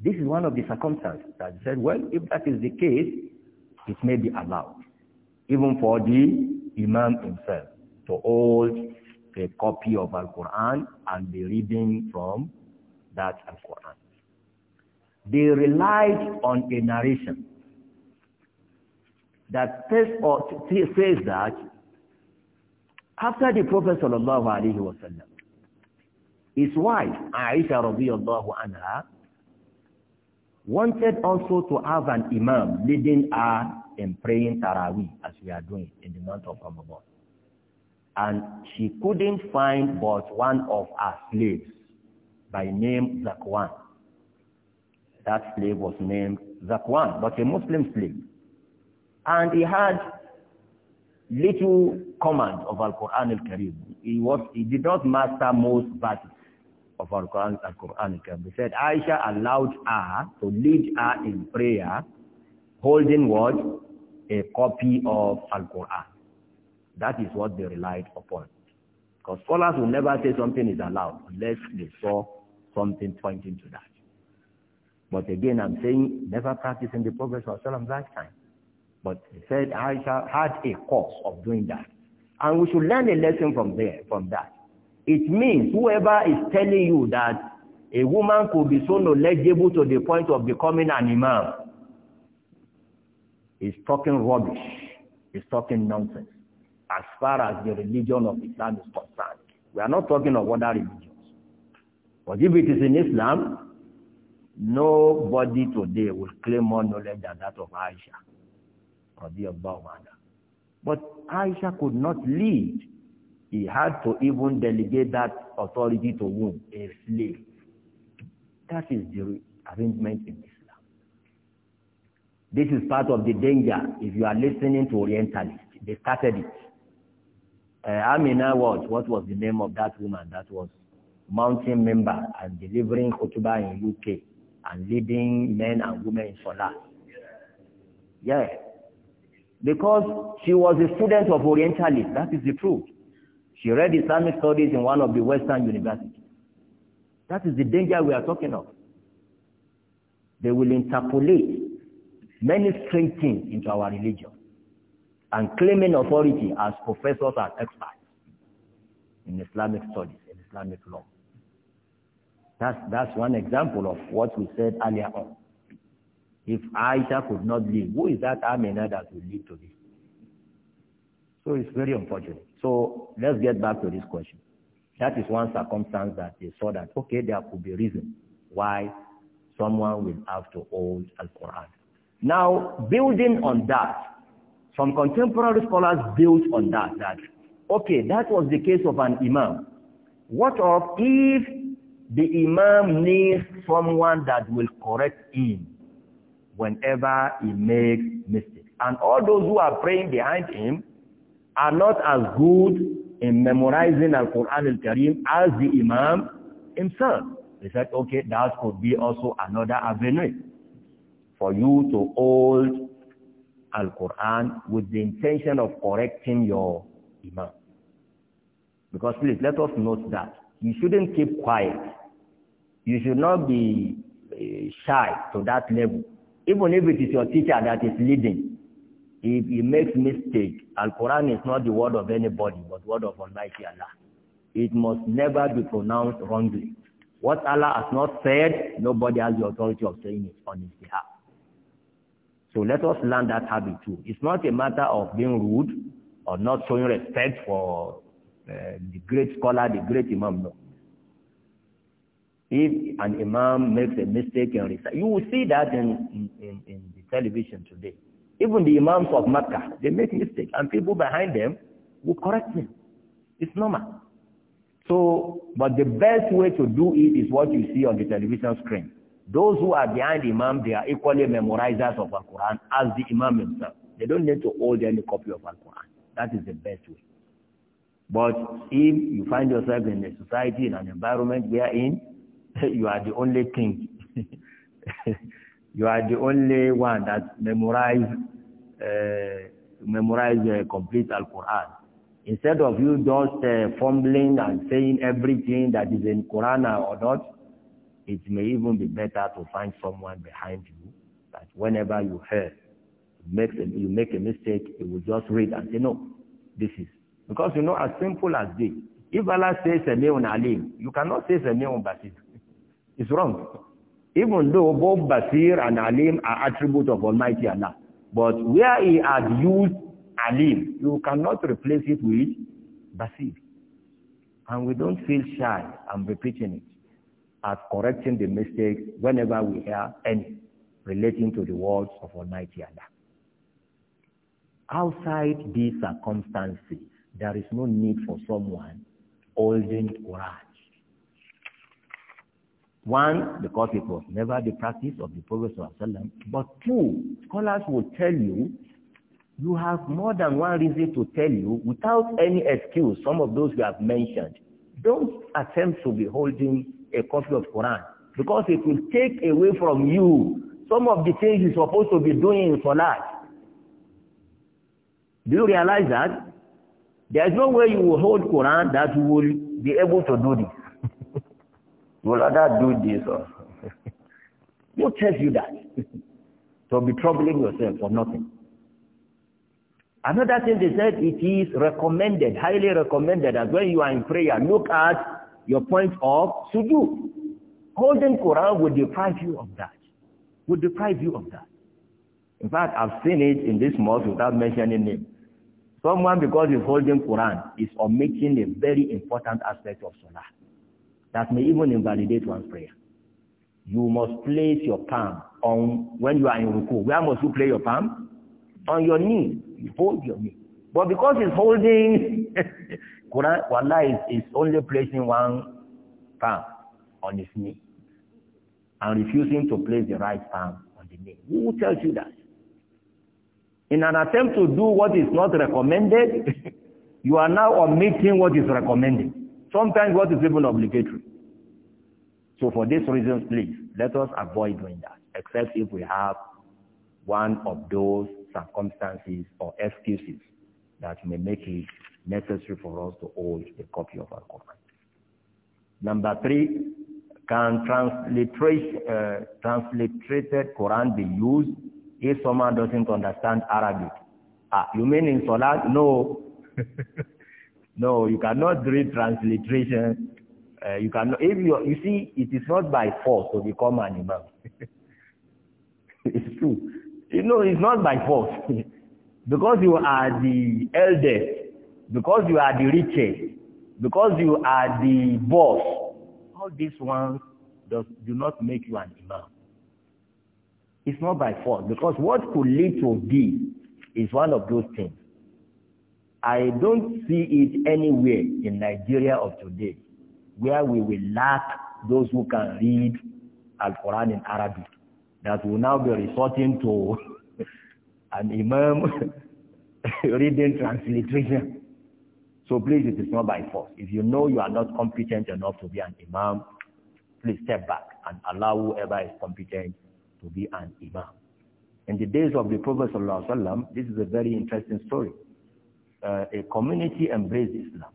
This is one of the circumstances that said, well, if that is the case, it may be allowed, even for the Imam himself, to hold a copy of Al-Quran and be reading from that Al-Quran. They relied on a narration that says, or says that after the Prophet sallallahu alaihi wasallam, his wife Aisha radiyallahu anha wanted also to have an imam leading her in praying Taraweeh as we are doing in the month of Ramadan. And she couldn't find but one of her slaves by name Zakwan. That slave was named Zakwan, but a Muslim slave. And he had little command of Al-Quran al-Karim. He, was, he did not master most verses of Al-Quran al-Quran al-Karim. He said, Aisha allowed her to lead her in prayer, holding what? A copy of Al-Quran. That is what they relied upon. Because scholars will never say something is allowed unless they saw something pointing to that. But again, I'm saying never practice in the Prophet lifetime. But he said Aisha had a course of doing that. And we should learn a lesson from there, from that. It means whoever is telling you that a woman could be so knowledgeable to the point of becoming an imam is talking rubbish, is talking nonsense as far as the religion of Islam is concerned. We are not talking of other religions. But if it is in Islam, nobody today will claim more knowledge than that of Aisha. But Aisha could not lead. He had to even delegate that authority to whom? A slave. That is the arrangement in Islam. This is part of the danger if you are listening to Orientalists. They started it. Uh, Amina was, what was the name of that woman that was mountain member and delivering khutbah in UK and leading men and women in Salah? Yeah, because she was a student of Orientalism. That is the proof. She read Islamic studies in one of the Western universities. That is the danger we are talking of. They will interpolate many strange things into our religion and claiming authority as professors and experts in Islamic studies, in Islamic law. That's, that's one example of what we said earlier on. If Aisha could not leave, who is that Amina that will lead to this? So it's very unfortunate. So let's get back to this question. That is one circumstance that they saw that, okay, there could be a reason why someone will have to hold Al-Quran. Now, building on that, some contemporary scholars built on that, that, okay, that was the case of an imam. What of if the imam needs someone that will correct him? whenever he makes mistakes. And all those who are praying behind him are not as good in memorizing Al-Quran al-Karim as the Imam himself. They said, okay, that could be also another avenue for you to hold Al-Quran with the intention of correcting your Imam. Because please, let us note that. You shouldn't keep quiet. You should not be eh, shy to that level Even if it is your teacher that is leading, if he makes mistake, Al-Quran is not the word of anybody, but word of Almighty Allah. It must never be pronounced wrongly. What Allah has not said, nobody has the authority of saying it on his behalf. So let us learn that habit too. It's not a matter of being rude or not showing respect for uh, the great scholar, the great imam, no. If an imam makes a mistake in recite, you will see that in, in, in the television today. Even the imams of Makkah, they make mistakes, and people behind them will correct them. It's normal. So, but the best way to do it is what you see on the television screen. Those who are behind the imam, they are equally memorizers of Al-Quran as the imam himself. They don't need to hold any copy of Al-Quran. That is the best way. But if you find yourself in a society, in an environment in, you are the only thing. you are the only one that memorize uh, memorize uh, complete Al-Quran. Instead of you just uh, fumbling and saying everything that is in Quran or not, it may even be better to find someone behind you that whenever you hear, make a, you make a mistake, you will just read and say, no, this is. Because you know, as simple as this, if Allah says Sami'un Alim, you cannot say Sami'un Basir. It's wrong. Even though both Basir and Alim are attributes of Almighty Allah. But where he has used Alim, you cannot replace it with Basir. And we don't feel shy, I'm repeating it, as correcting the mistakes whenever we hear any relating to the words of Almighty Allah. Outside these circumstances, there is no need for someone holding Quran One, because it was never the practice of the Prophet ﷺ. But two, scholars will tell you, you have more than one reason to tell you, without any excuse, some of those you have mentioned. Don't attempt to be holding a copy of Quran, because it will take away from you some of the things you're supposed to be doing in Salat. Do you realize that? There's no way you will hold Quran that you will be able to do this. Will rather do this or who tells you that? so be troubling yourself for nothing. Another thing they said, it is recommended, highly recommended that when you are in prayer, look at your point of sujood. Holding Quran would deprive you of that. Would deprive you of that. In fact, I've seen it in this mosque without mentioning name. Someone, because he's holding Quran, is omitting a very important aspect of Salah. that may even invalidate one's prayer. You must place your palm on when you are in ruku. Where must you place your palm? On your knee. You hold your knee. But because it's holding, Quran, Wallah is, is only placing one palm on his knee and refusing to place the right palm on the knee. Who tells you that? In an attempt to do what is not recommended, you are now omitting what is recommended. Sometimes what is even obligatory. So for these reasons, please, let us avoid doing that, except if we have one of those circumstances or excuses that may make it necessary for us to hold a copy of our Quran. Number three, can translated uh, transliterated Quran be used if someone doesn't understand Arabic? Ah, you mean in Salat? No. No, you cannot read transliteration. Uh, you cannot. If you you see, it is not by force to become an imam. it's true. You know, it's not by force because you are the eldest, because you are the richest, because you are the boss. All these ones does do not make you an imam. It's not by force because what could lead to be is one of those things. I don't see it anywhere in Nigeria of today where we will lack those who can read Al-Quran in Arabic that will now be resorting to an imam reading transliteration. So please, it is not by force. If you know you are not competent enough to be an imam, please step back and allow whoever is competent to be an imam. In the days of the Prophet this is a very interesting story uh, a community embraced Islam.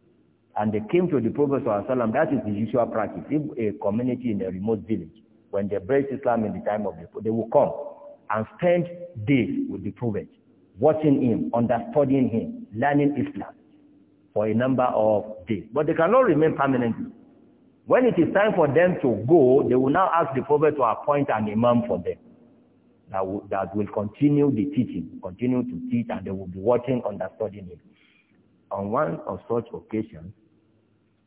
And they came to the Prophet Sallallahu that is the usual practice. If a community in a remote village, when they embrace Islam in the time of the Prophet, they will come and spend days with the Prophet, watching him, understanding him, learning Islam for a number of days. But they cannot remain permanently. When it is time for them to go, they will now ask the Prophet to appoint an imam for them that will, that will continue the teaching, continue to teach, and they will be watching, understanding him on one of such occasions,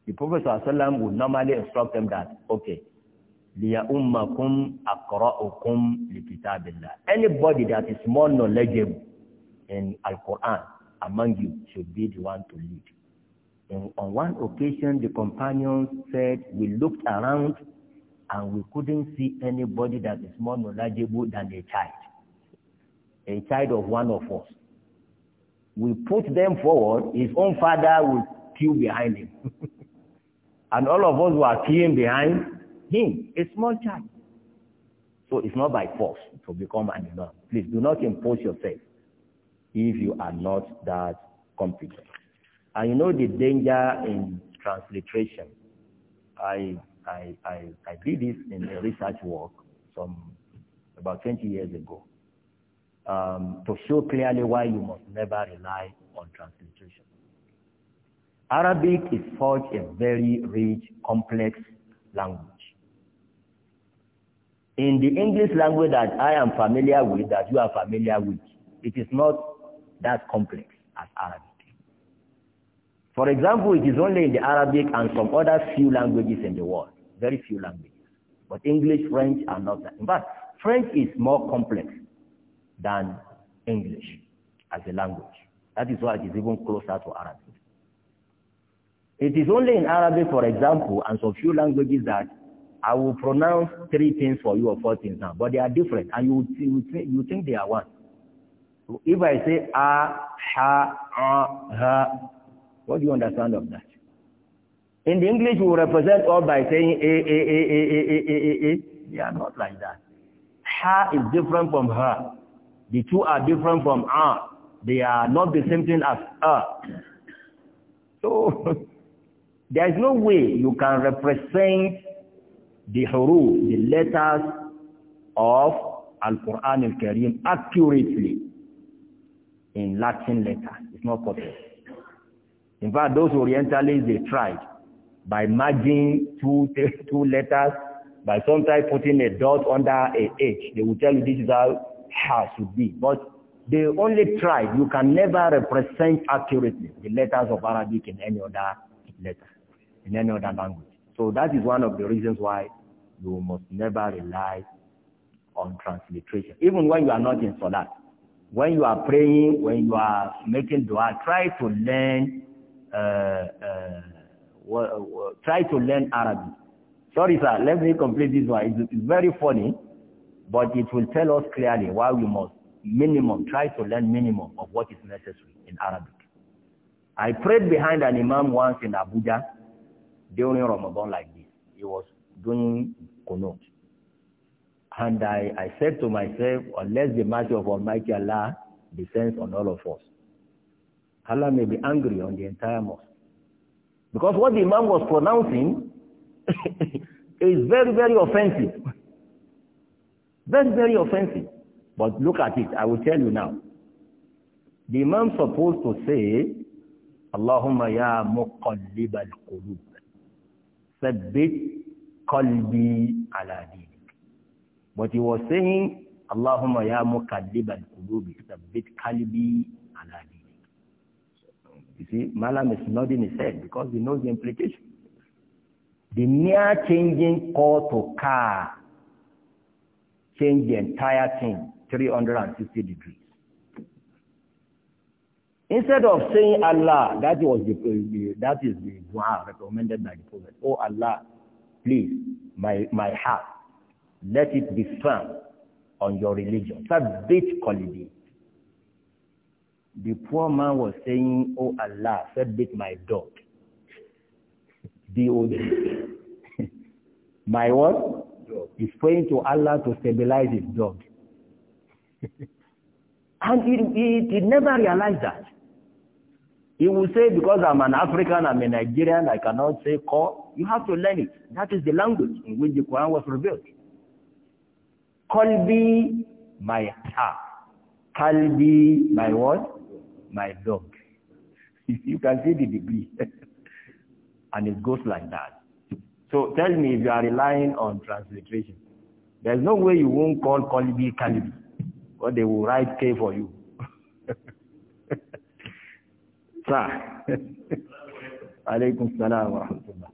the Prophet ﷺ would normally instruct them that, okay, لِيَأُمَّكُمْ أَقْرَأُكُمْ لِكِتَابِ اللَّهِ Anybody that is more knowledgeable in Al-Quran among you should be the one to lead. And on one occasion, the companions said, we looked around and we couldn't see anybody that is more knowledgeable than a child, a child of one of us will put them forward, his own father will queue behind him. and all of us were queuing behind him, a small child. So it's not by force to become an imam. Please do not impose yourself if you are not that competent. And you know the danger in transliteration. I I I, I did this in a research work some about 20 years ago um, to show clearly why you must never rely on transliteration. Arabic is such a very rich, complex language. In the English language that I am familiar with, that you are familiar with, it is not that complex as Arabic. For example, it is only in the Arabic and some other few languages in the world, very few languages. But English, French are not that. In fact, French is more complex than English as a language. That is why it is even closer to Arabic. It is only in Arabic, for example, and some few languages that I will pronounce three things for you or four things now, but they are different, and you you, you think they are one. So if I say a ha, a ha, what do you understand of that? In the English, we represent all by saying a, a, a, a, a, a, a, a. They are not like that. Ha is different from her. The two are different from ah. They are not the same thing as ah. So there is no way you can represent the huruf, the letters of Al-Quran al-Karim accurately in Latin letters. It's not possible. In fact, those Orientalists, they tried by merging two, two letters, by sometimes putting a dot under a H. They will tell you this is how how should be. But the only try You can never represent accurately the letters of Arabic in any other letter, in any other language. So that is one of the reasons why you must never rely on transliteration. Even when you are not in Salat, when you are praying, when you are making dua, try to learn, uh, uh, try to learn Arabic. Sorry, sir, let me complete this one. It's, it's very funny but it will tell us clearly why we must minimum, try to learn minimum of what is necessary in Arabic. I prayed behind an imam once in Abuja during Ramadan like this. He was doing Quran, And I, I said to myself, unless the mercy of Almighty Allah descends on all of us, Allah may be angry on the entire mosque. Because what the Imam was pronouncing is very, very offensive. Very, very offensive. But look at it. I will tell you now. The Imam supposed to say, Allahumma ya muqallib al-qulub. Sabbit qalbi ala dinik. But he was saying, Allahumma ya muqallib al-qulub. Sabbit qalbi ala dinik. You see, Malam is nodding his head because he knows the implication. The mere changing call to car change the entire thing 360 degrees. Instead of saying Allah, that was the, the that is the dua recommended by the Prophet. Oh Allah, please, my my heart, let it be firm on your religion. Sabit qalbi. The poor man was saying, Oh Allah, sabit my dog. D O D. my what? He's praying to Allah to stabilize his dog. and he, he, he never realized that. He will say, because I'm an African, I'm a Nigerian, I cannot say call. You have to learn it. That is the language in which the Quran was revealed. Kalbi, my heart. Kalbi, my what? My dog. you can see the degree. and it goes like that. So tell me if you are relying on transliteration. There's no way you won't call Colibi Calibi, or they will write K for you. Sir. Alaykum salam wa rahmatullah.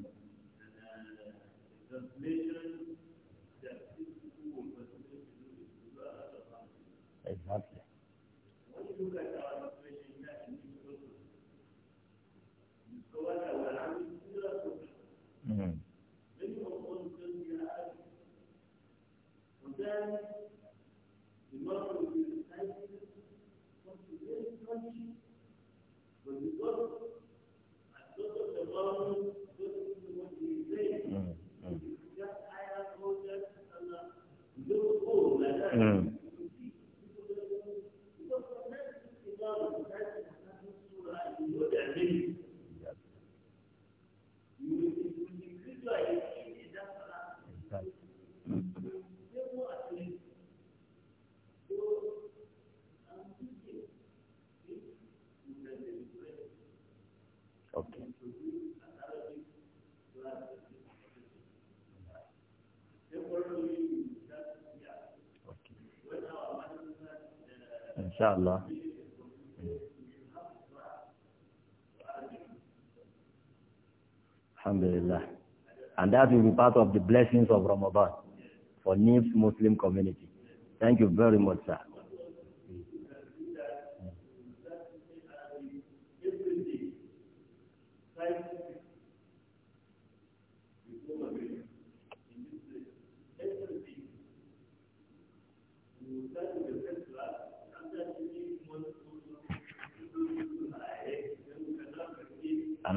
Mm. mm. mm. inshallah. Alhamdulillah. And that will be part of the blessings of Ramadan for NIPS Muslim community. Thank you very much, sir.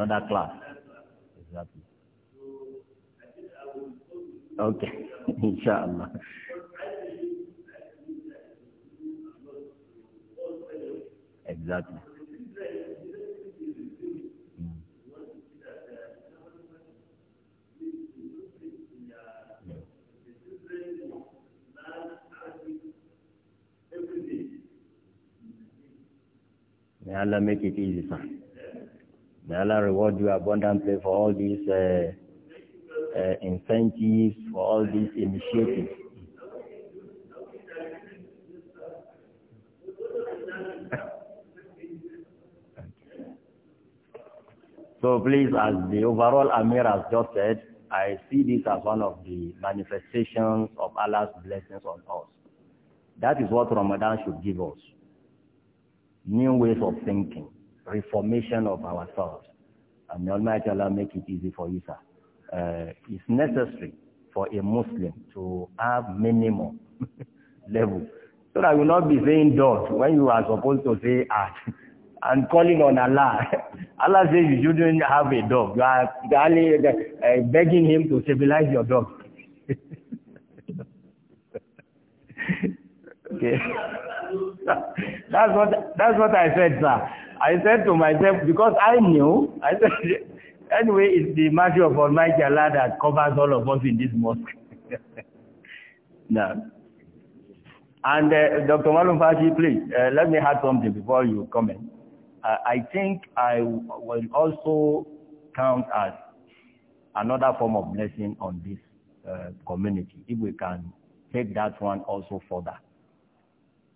another class. Exactly. Okay, inshallah. Exactly. Mm. May Allah make it easy, sir. May Allah reward you abundantly for all these uh, uh, incentives, for all these initiatives. so please, as the overall Amir has just said, I see this as one of the manifestations of Allah's blessings on us. That is what Ramadan should give us. New ways of thinking reformation of ourselves. And may Almighty Allah make it easy for you, sir. Uh, it's necessary for a Muslim to have minimum level. So that will not be saying dot when you are supposed to say at and calling on Allah. Allah says you shouldn't have a dog. You are only uh, begging him to civilize your dog. okay. that's what that's what I said, sir. I said to myself, because I knew, I said, anyway, it's the mercy of Almighty Allah that covers all of us in this mosque. Now, And uh, Dr. Malum please, uh, let me add something before you comment. Uh, I think I will also count as another form of blessing on this uh, community, if we can take that one also further.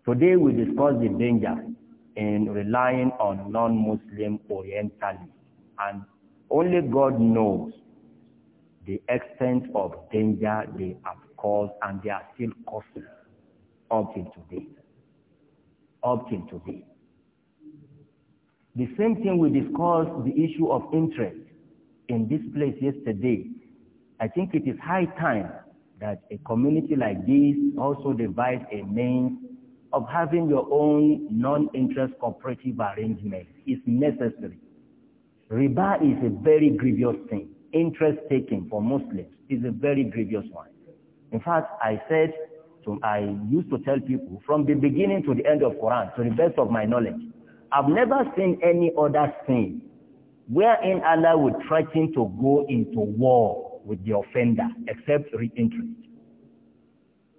Today we discussed the danger in relying on non-Muslim Orientalists, and only God knows the extent of danger they have caused and they are still causing up till today. Up till today. The same thing we discussed the issue of interest in this place yesterday. I think it is high time that a community like this also devise a means of having your own non-interest cooperative arrangement is necessary. Riba is a very grievous thing. Interest taking for Muslims is a very grievous one. In fact, I said, to, I used to tell people from the beginning to the end of Quran, to the best of my knowledge, I've never seen any other thing wherein Allah would threaten to go into war with the offender except interest.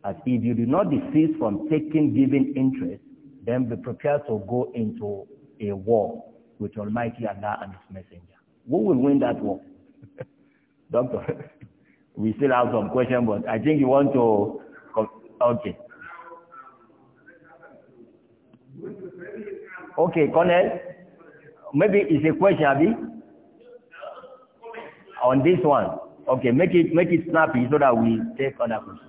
As if you do not desist from taking giving interest, then be prepared to go into a war with Almighty Allah and His Messenger. Who will win that war? Doctor, we still have some questions, but I think you want to. Okay. Okay, Colonel. Maybe it's a question, On this one. Okay, make it make it snappy so that we take other questions.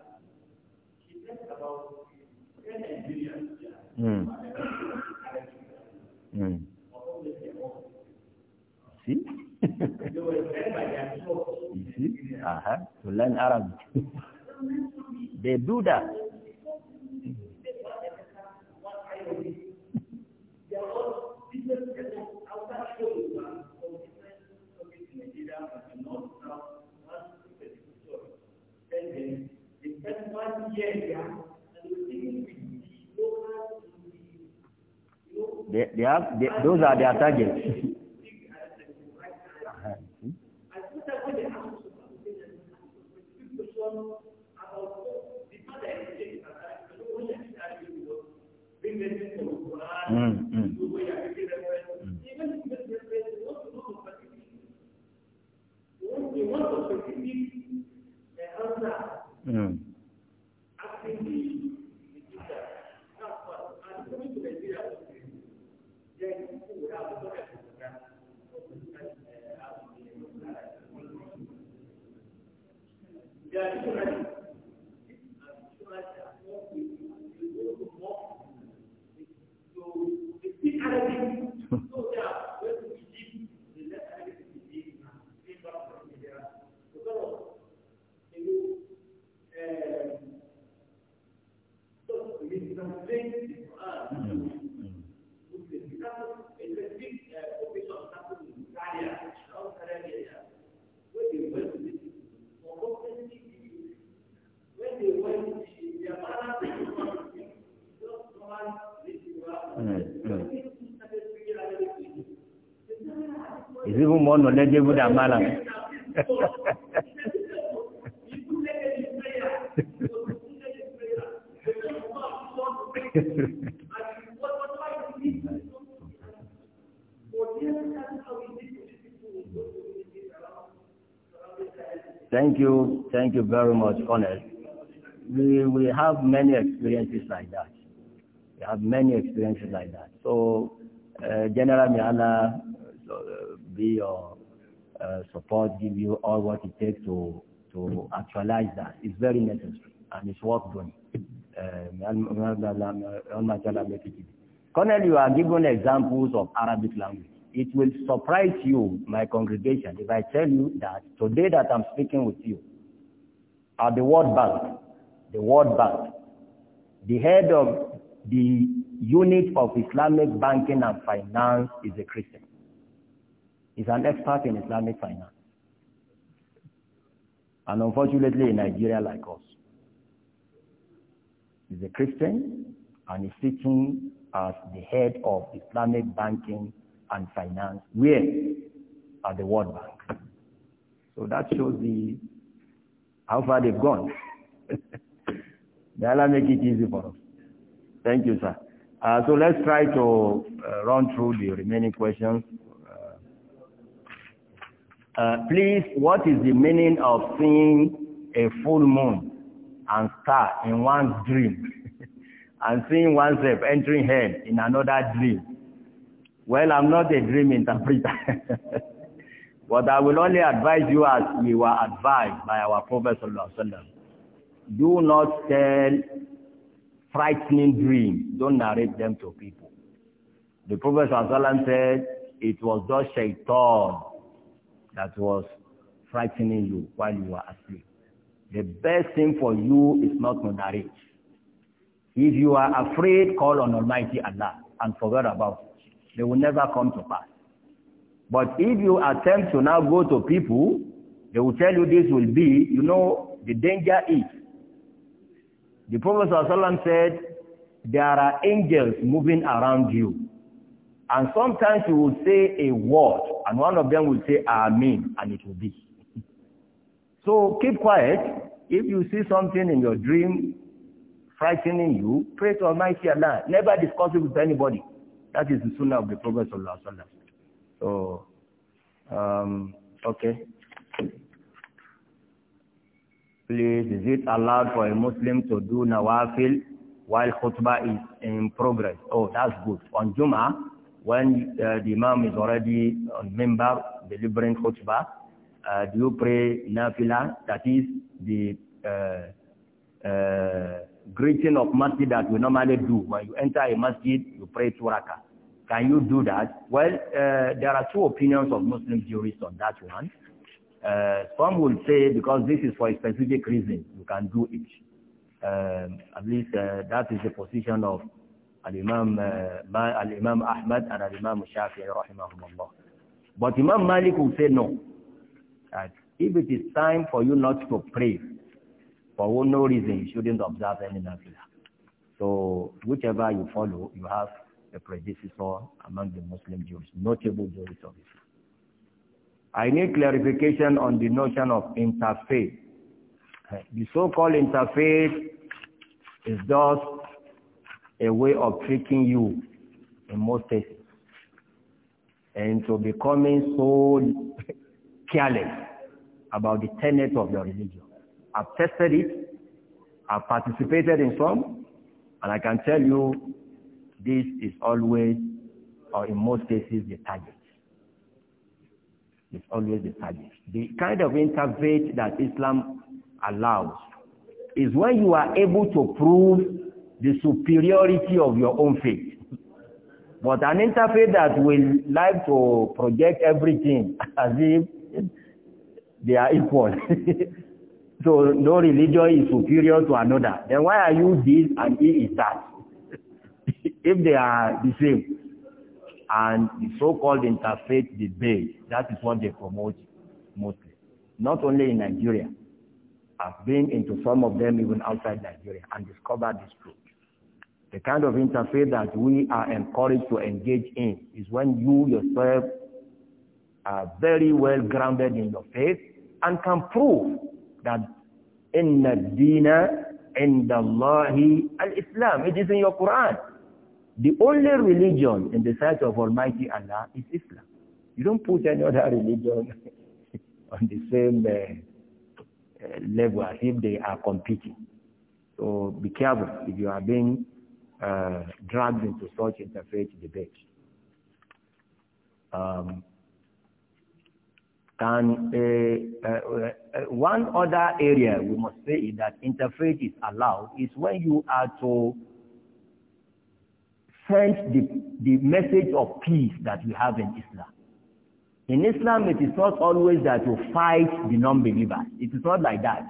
Mm. See? you see? Uh-huh. To learn Arabic. they do that. Thank you. That's one year, yeah. They, they have, they, those are their targets. mm, mm. more knowledgeable than Malam. Thank you, thank you very much, honest. We, we have many experiences like that. We have many experiences like that. So, uh, General Miala be your uh, support, give you all what it takes to to actualize that. It's very necessary and it's worth doing. Colonel, you are given examples of Arabic language. It will surprise you, my congregation, if I tell you that today that I'm speaking with you, at the World Bank, the World Bank, the head of the unit of Islamic banking and finance is a Christian is an expert in Islamic finance. And unfortunately in Nigeria like us. He's a Christian and is sitting as the head of Islamic banking and finance where? At the World Bank. So that shows the how far they've gone. May Allah make it easy for us. Thank you, sir. Uh, so let's try to uh, run through the remaining questions. Uh, please, what is the meaning of seeing a full moon and star in one's dream and seeing oneself entering hell in another dream? Well, I'm not a dream interpreter. but I will only advise you as we were advised by our Prophet Sallallahu Do not tell frightening dreams. Don't narrate them to people. The Prophet Sallallahu said, it was just shaitan that was frightening you while you were asleep. The best thing for you is not moderate. If you are afraid, call on Almighty Allah and forget about it. They will never come to pass. But if you attempt to now go to people, they will tell you this will be, you know, the danger is. The Prophet said, there are angels moving around you. And sometimes you will say a word, and one of them will say Amen, and it will be. so keep quiet. If you see something in your dream frightening you, pray to Almighty Allah. Never discuss it with anybody. That is the sunnah of the Prophet Allah Alaihi So, um, okay. Please, is it allowed for a Muslim to do nawafil while khutbah is in progress? Oh, that's good. On Jum'ah, when uh, the Imam is already on member delivering khutbah, uh, do you pray nafila? That is the uh, uh, greeting of masjid that we normally do. When you enter a masjid, you pray to rakah. Can you do that? Well, uh, there are two opinions of Muslim jurists on that one. Uh, some will say because this is for a specific reason, you can do it. Um, at least uh, that is the position of الإمام الإمام أحمد and الإمام الشافعي رحمهم الله but Imam Malik will say no that if it is time for you not to pray for no reason you shouldn't observe any nafila so whichever you follow you have a predecessor among the Muslim Jews notable Jews of Islam I need clarification on the notion of interfaith the so-called interfaith is just a way of tricking you in most cases. And to becoming so careless about the tenets of your religion. I've tested it, I've participated in some, and I can tell you this is always, or in most cases, the target. It's always the target. The kind of interfaith that Islam allows is when you are able to prove the superiority of your own faith. But an interfaith that will like to project everything as if they are equal. so no religion is superior to another. Then why are you this and he is that? if they are the same. And the so-called interfaith debate, that is what they promote mostly. Not only in Nigeria. I've been into some of them even outside Nigeria and discovered this truth. The kind of interfaith that we are encouraged to engage in is when you yourself are very well grounded in your faith and can prove that in dina عند al Islam it is in your Quran the only religion in the sight of Almighty Allah is Islam you don't put any other religion on the same uh, uh, level as if they are competing so be careful if you are being uh, dragged into such interfaith debate. Um, and uh, uh, one other area we must say is that interfaith is allowed is when you are to send the, the message of peace that we have in Islam. In Islam, it is not always that you fight the non-believers. It is not like that.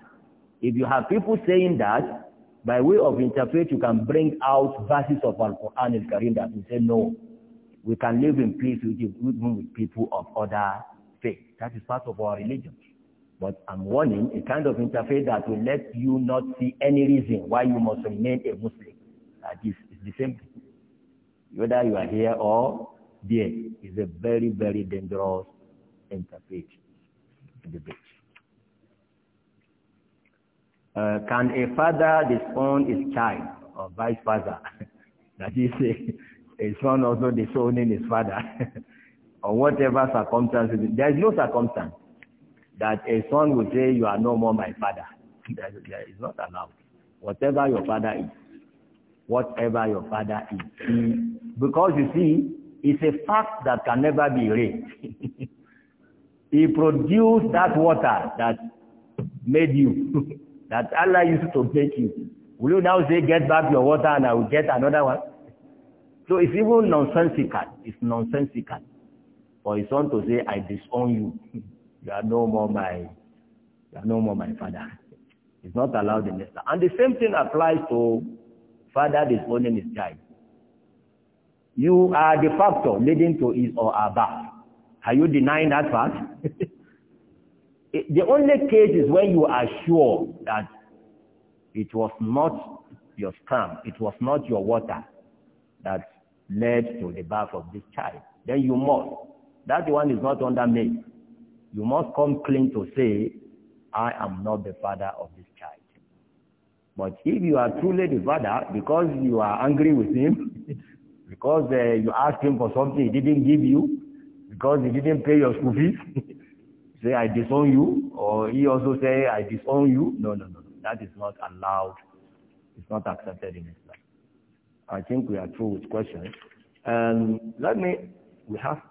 If you have people saying that, by way of interpret, you can bring out verses of Al-Quran and Karim that will say, no, we can live in peace with, with people of other faith. That is part of our religion. But I'm warning, a kind of interfaith that will let you not see any reason why you must remain a Muslim. That is it's the same thing. Whether you are here or there, it's a very, very dangerous interfaith debate. Uh, can a father disown his child or vice versa? that is, a, a son also disowning his father or whatever circumstance. There is no circumstance that a son would say, you are no more my father. that is not allowed. Whatever your father is, whatever your father is. Because you see, it's a fact that can never be erased. he produced that water that made you. that Allah used to take you. Will you now say, get back your water and I will get another one? So it's even nonsensical. It's nonsensical. For his son to say, I disown you. you are no more my, you are no more my father. It's not allowed in Islam. And the same thing applies to father disowning his child. You are the factor leading to his or her birth. Are you denying that fact? the only case is when you are sure that it was not your sperm, it was not your water that led to the birth of this child. Then you must. That one is not under me. You must come clean to say, I am not the father of this child. But if you are truly the father, because you are angry with him, because uh, you asked him for something he didn't give you, because he didn't pay your school fees, say, I disown you, or he also say, I disown you. No, no, no, no. That is not allowed. It's not accepted in Islam. I think we are through with questions. And um, let me, we have,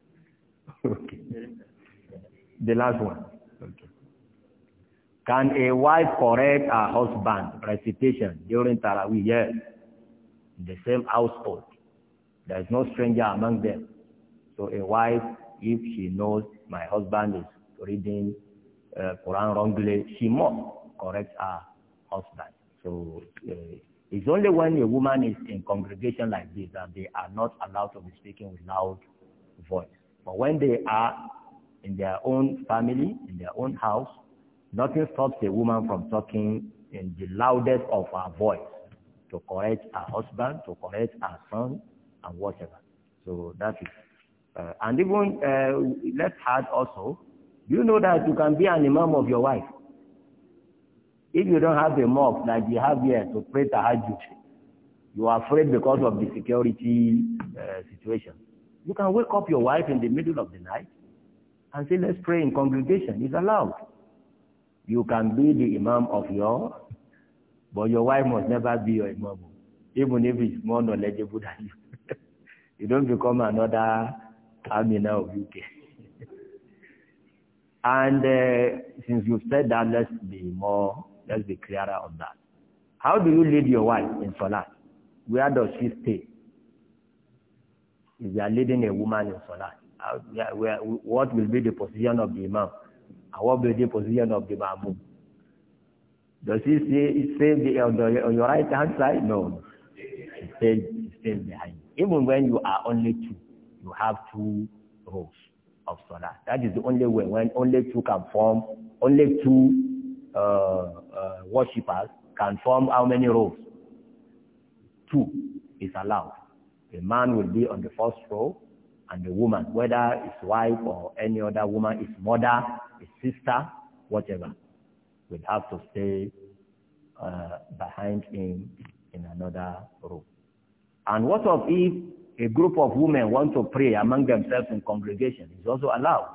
okay. The last one. Okay. Can a wife correct her husband recitation during Taraweeh? Yes. In the same household. There is no stranger among them. So a wife, if she knows my husband is reading uh, Quran wrongly, she must correct her husband. So uh, it's only when a woman is in congregation like this that they are not allowed to be speaking with loud voice. But when they are in their own family, in their own house, nothing stops a woman from talking in the loudest of her voice to correct her husband, to correct her son, and whatever. So that is uh, and even uh, us add also, you know that you can be an imam of your wife. If you don't have a mosque like you have here to pray tahajjud, you are afraid because of the security uh, situation. You can wake up your wife in the middle of the night and say, let's pray in congregation. It's allowed. You can be the imam of your, but your wife must never be your imam, even if it's more knowledgeable than you. you don't become another mean, of UK. and uh, since you've said that, let's be more, let's be clearer on that. How do you lead your wife in Salat? Where does she stay? If you are leading a woman in Salat, how, where, what will be the position of the Imam? And what will be the position of the Ma'mum? Does he stay, stay on, the, on your right hand side? No. He stays, he stays behind. Even when you are only two you have two rows of salah. That is the only way when only two can form, only two uh, uh, worshippers can form how many rows? Two is allowed. A man will be on the first row and the woman, whether his wife or any other woman, his mother, his sister, whatever, will have to stay uh, behind him in another row. And what of if a group of women want to pray among themselves in congregation, it's also allowed.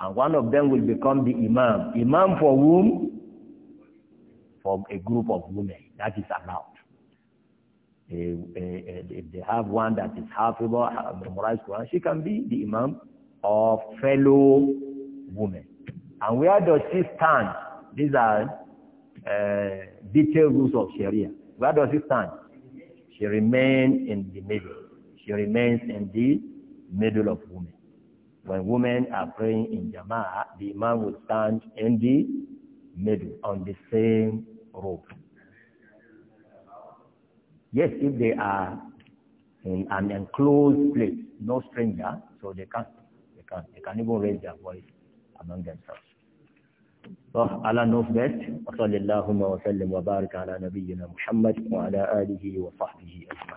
And one of them will become the imam. Imam for whom? For a group of women. That is allowed. If they have one that is half memorized Quran, she can be the imam of fellow women. And where does she stand? These are uh, detailed rules of Sharia. Where does she stand? She remains in the middle. She remains in the middle of women. When women are praying in Jama'ah, the Imam will stand in the middle on the same rope. Yes, if they are in an enclosed place, no stranger, so they can't, they can't, they can even raise their voice among themselves. So Allah knows best. وصلى اللهم وسلم وبارك Muhammad, نبينا محمد وعلى آله وصحبه أجمعين.